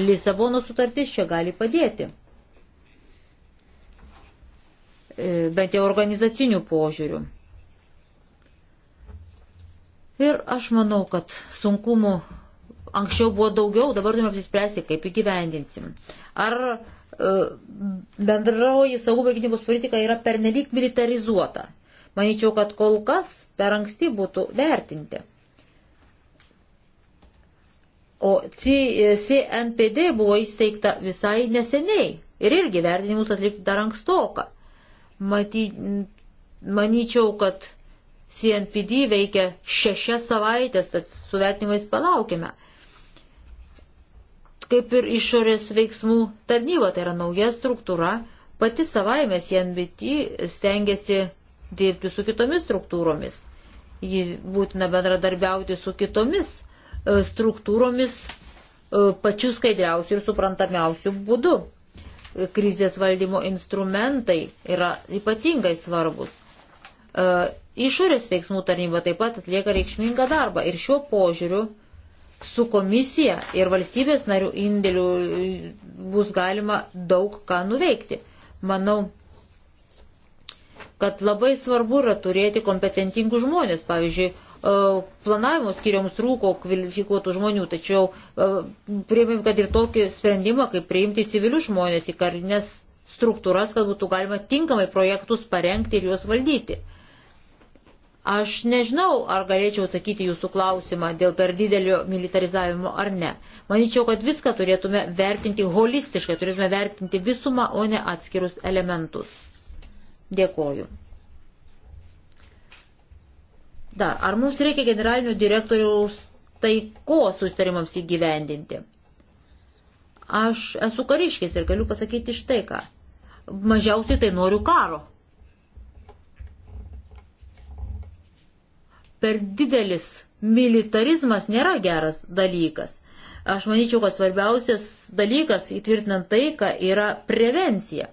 Lisabono sutartis čia gali padėti. E, bent jau organizacinių požiūrių. Ir aš manau, kad sunkumų anksčiau buvo daugiau, dabar turime apsispręsti, kaip įgyvendinsim. Ar e, bendroji saugumo gynybos politika yra pernelyg militarizuota? Manyčiau, kad kol kas per anksti būtų vertinti. O CNPD e, buvo įsteigta visai neseniai ir irgi vertinimus atlikti dar ankstoka. Maty, manyčiau, kad CNPD veikia šešias savaitės, tad su vertinimais palaukime. Kaip ir išorės veiksmų tarnyba, tai yra nauja struktūra, pati savaime CNBT stengiasi dirbti su kitomis struktūromis. Ji būtina bendradarbiauti su kitomis E, struktūromis e, pačiu skaidriausiu ir suprantamiausiu būdu. Krizės valdymo instrumentai yra ypatingai svarbus. E, išorės veiksmų tarnyba taip pat atlieka reikšmingą darbą ir šiuo požiūriu su komisija ir valstybės narių indėliu bus galima daug ką nuveikti. Manau, kad labai svarbu yra turėti kompetentingus žmonės, pavyzdžiui, E, planavimo skiriams trūko kvalifikuotų žmonių, tačiau e, priėmėm, kad ir tokį sprendimą, kaip priimti civilius žmonės į karinės struktūras, kad būtų galima tinkamai projektus parengti ir juos valdyti. Aš nežinau, ar galėčiau atsakyti jūsų klausimą dėl per didelio militarizavimo ar ne. Maničiau, kad viską turėtume vertinti holistiškai, turėtume vertinti visumą, o ne atskirus elementus. Dėkoju. Dar, ar mums reikia generalinio direktoriaus taikos sustarimams įgyvendinti? Aš esu kariškis ir galiu pasakyti štai ką. Mažiausiai tai noriu karo. Per didelis militarizmas nėra geras dalykas. Aš manyčiau, kad svarbiausias dalykas įtvirtinant taiką yra prevencija.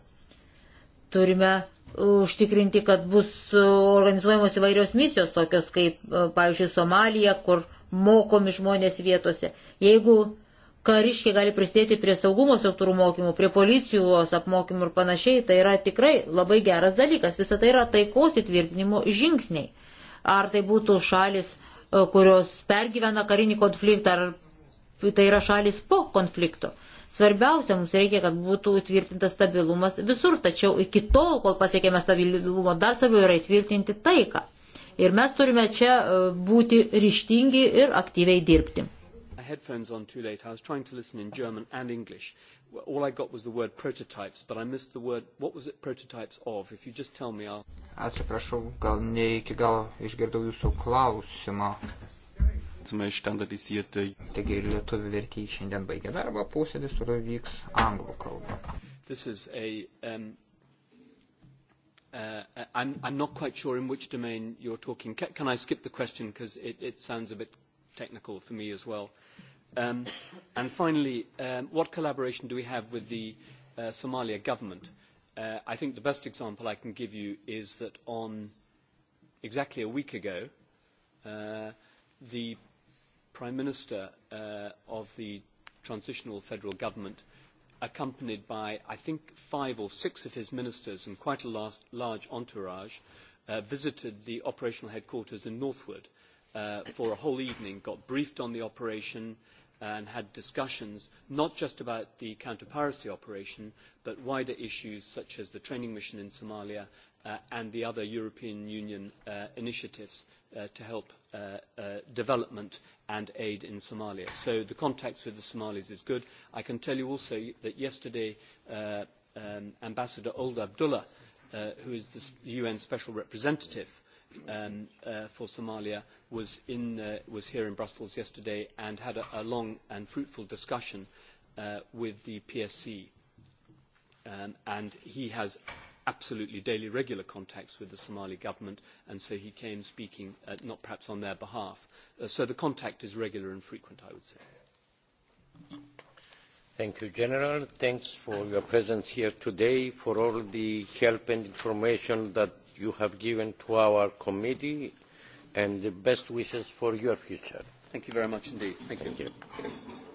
Turime užtikrinti, kad bus organizuojamos įvairios misijos, tokios kaip, e, pavyzdžiui, Somalija, kur mokomi žmonės vietose. Jeigu kariškiai gali prisidėti prie saugumo struktūrų mokymų, prie policijos apmokymų ir panašiai, tai yra tikrai labai geras dalykas. Visą tai yra taikos įtvirtinimo žingsniai. Ar tai būtų šalis, e, kurios pergyvena karinį konfliktą, ar tai yra šalis po konflikto. Svarbiausia, mums reikia, kad būtų įtvirtintas stabilumas visur, tačiau iki tol, kol pasiekėme stabilumo, dar svarbiau yra įtvirtinti taiką. Ir mes turime čia e, būti ryštingi ir aktyviai dirbti. Headphones on too late. I was trying to listen in German and English. All I got was the word prototypes, but I missed the word. What was it prototypes of? If you just tell me, I'll. Atsiprašau, gal ne iki galo išgirdau jūsų klausimą. Taigi lietuvių vertėjai šiandien baigė darbą, posėdis toliau vyks anglų kalba. Um, uh, I'm, I'm not quite sure in which domain you're talking. Can, can I skip the question because it, it sounds a bit technical for me as well? Um, and finally, um, what collaboration do we have with the uh, Somalia government? Uh, I think the best example I can give you is that on exactly a week ago, uh, the Prime Minister uh, of the transitional federal government, accompanied by, I think, five or six of his ministers and quite a last, large entourage, uh, visited the operational headquarters in Northwood uh, for a whole evening, got briefed on the operation, and had discussions not just about the counter-piracy operation, but wider issues such as the training mission in Somalia uh, and the other European Union uh, initiatives uh, to help uh, uh, development and aid in Somalia. So the contacts with the Somalis is good. I can tell you also that yesterday uh, um, Ambassador Old Abdullah, uh, who is the UN Special Representative um, uh, for Somalia, was, in, uh, was here in Brussels yesterday and had a, a long and fruitful discussion uh, with the PSC. Um, and he has absolutely daily regular contacts with the Somali government, and so he came speaking, uh, not perhaps on their behalf. Uh, so the contact is regular and frequent, I would say. Thank you, General. Thanks for your presence here today, for all the help and information that you have given to our committee, and the best wishes for your future. Thank you very much indeed. Thank, Thank you. you.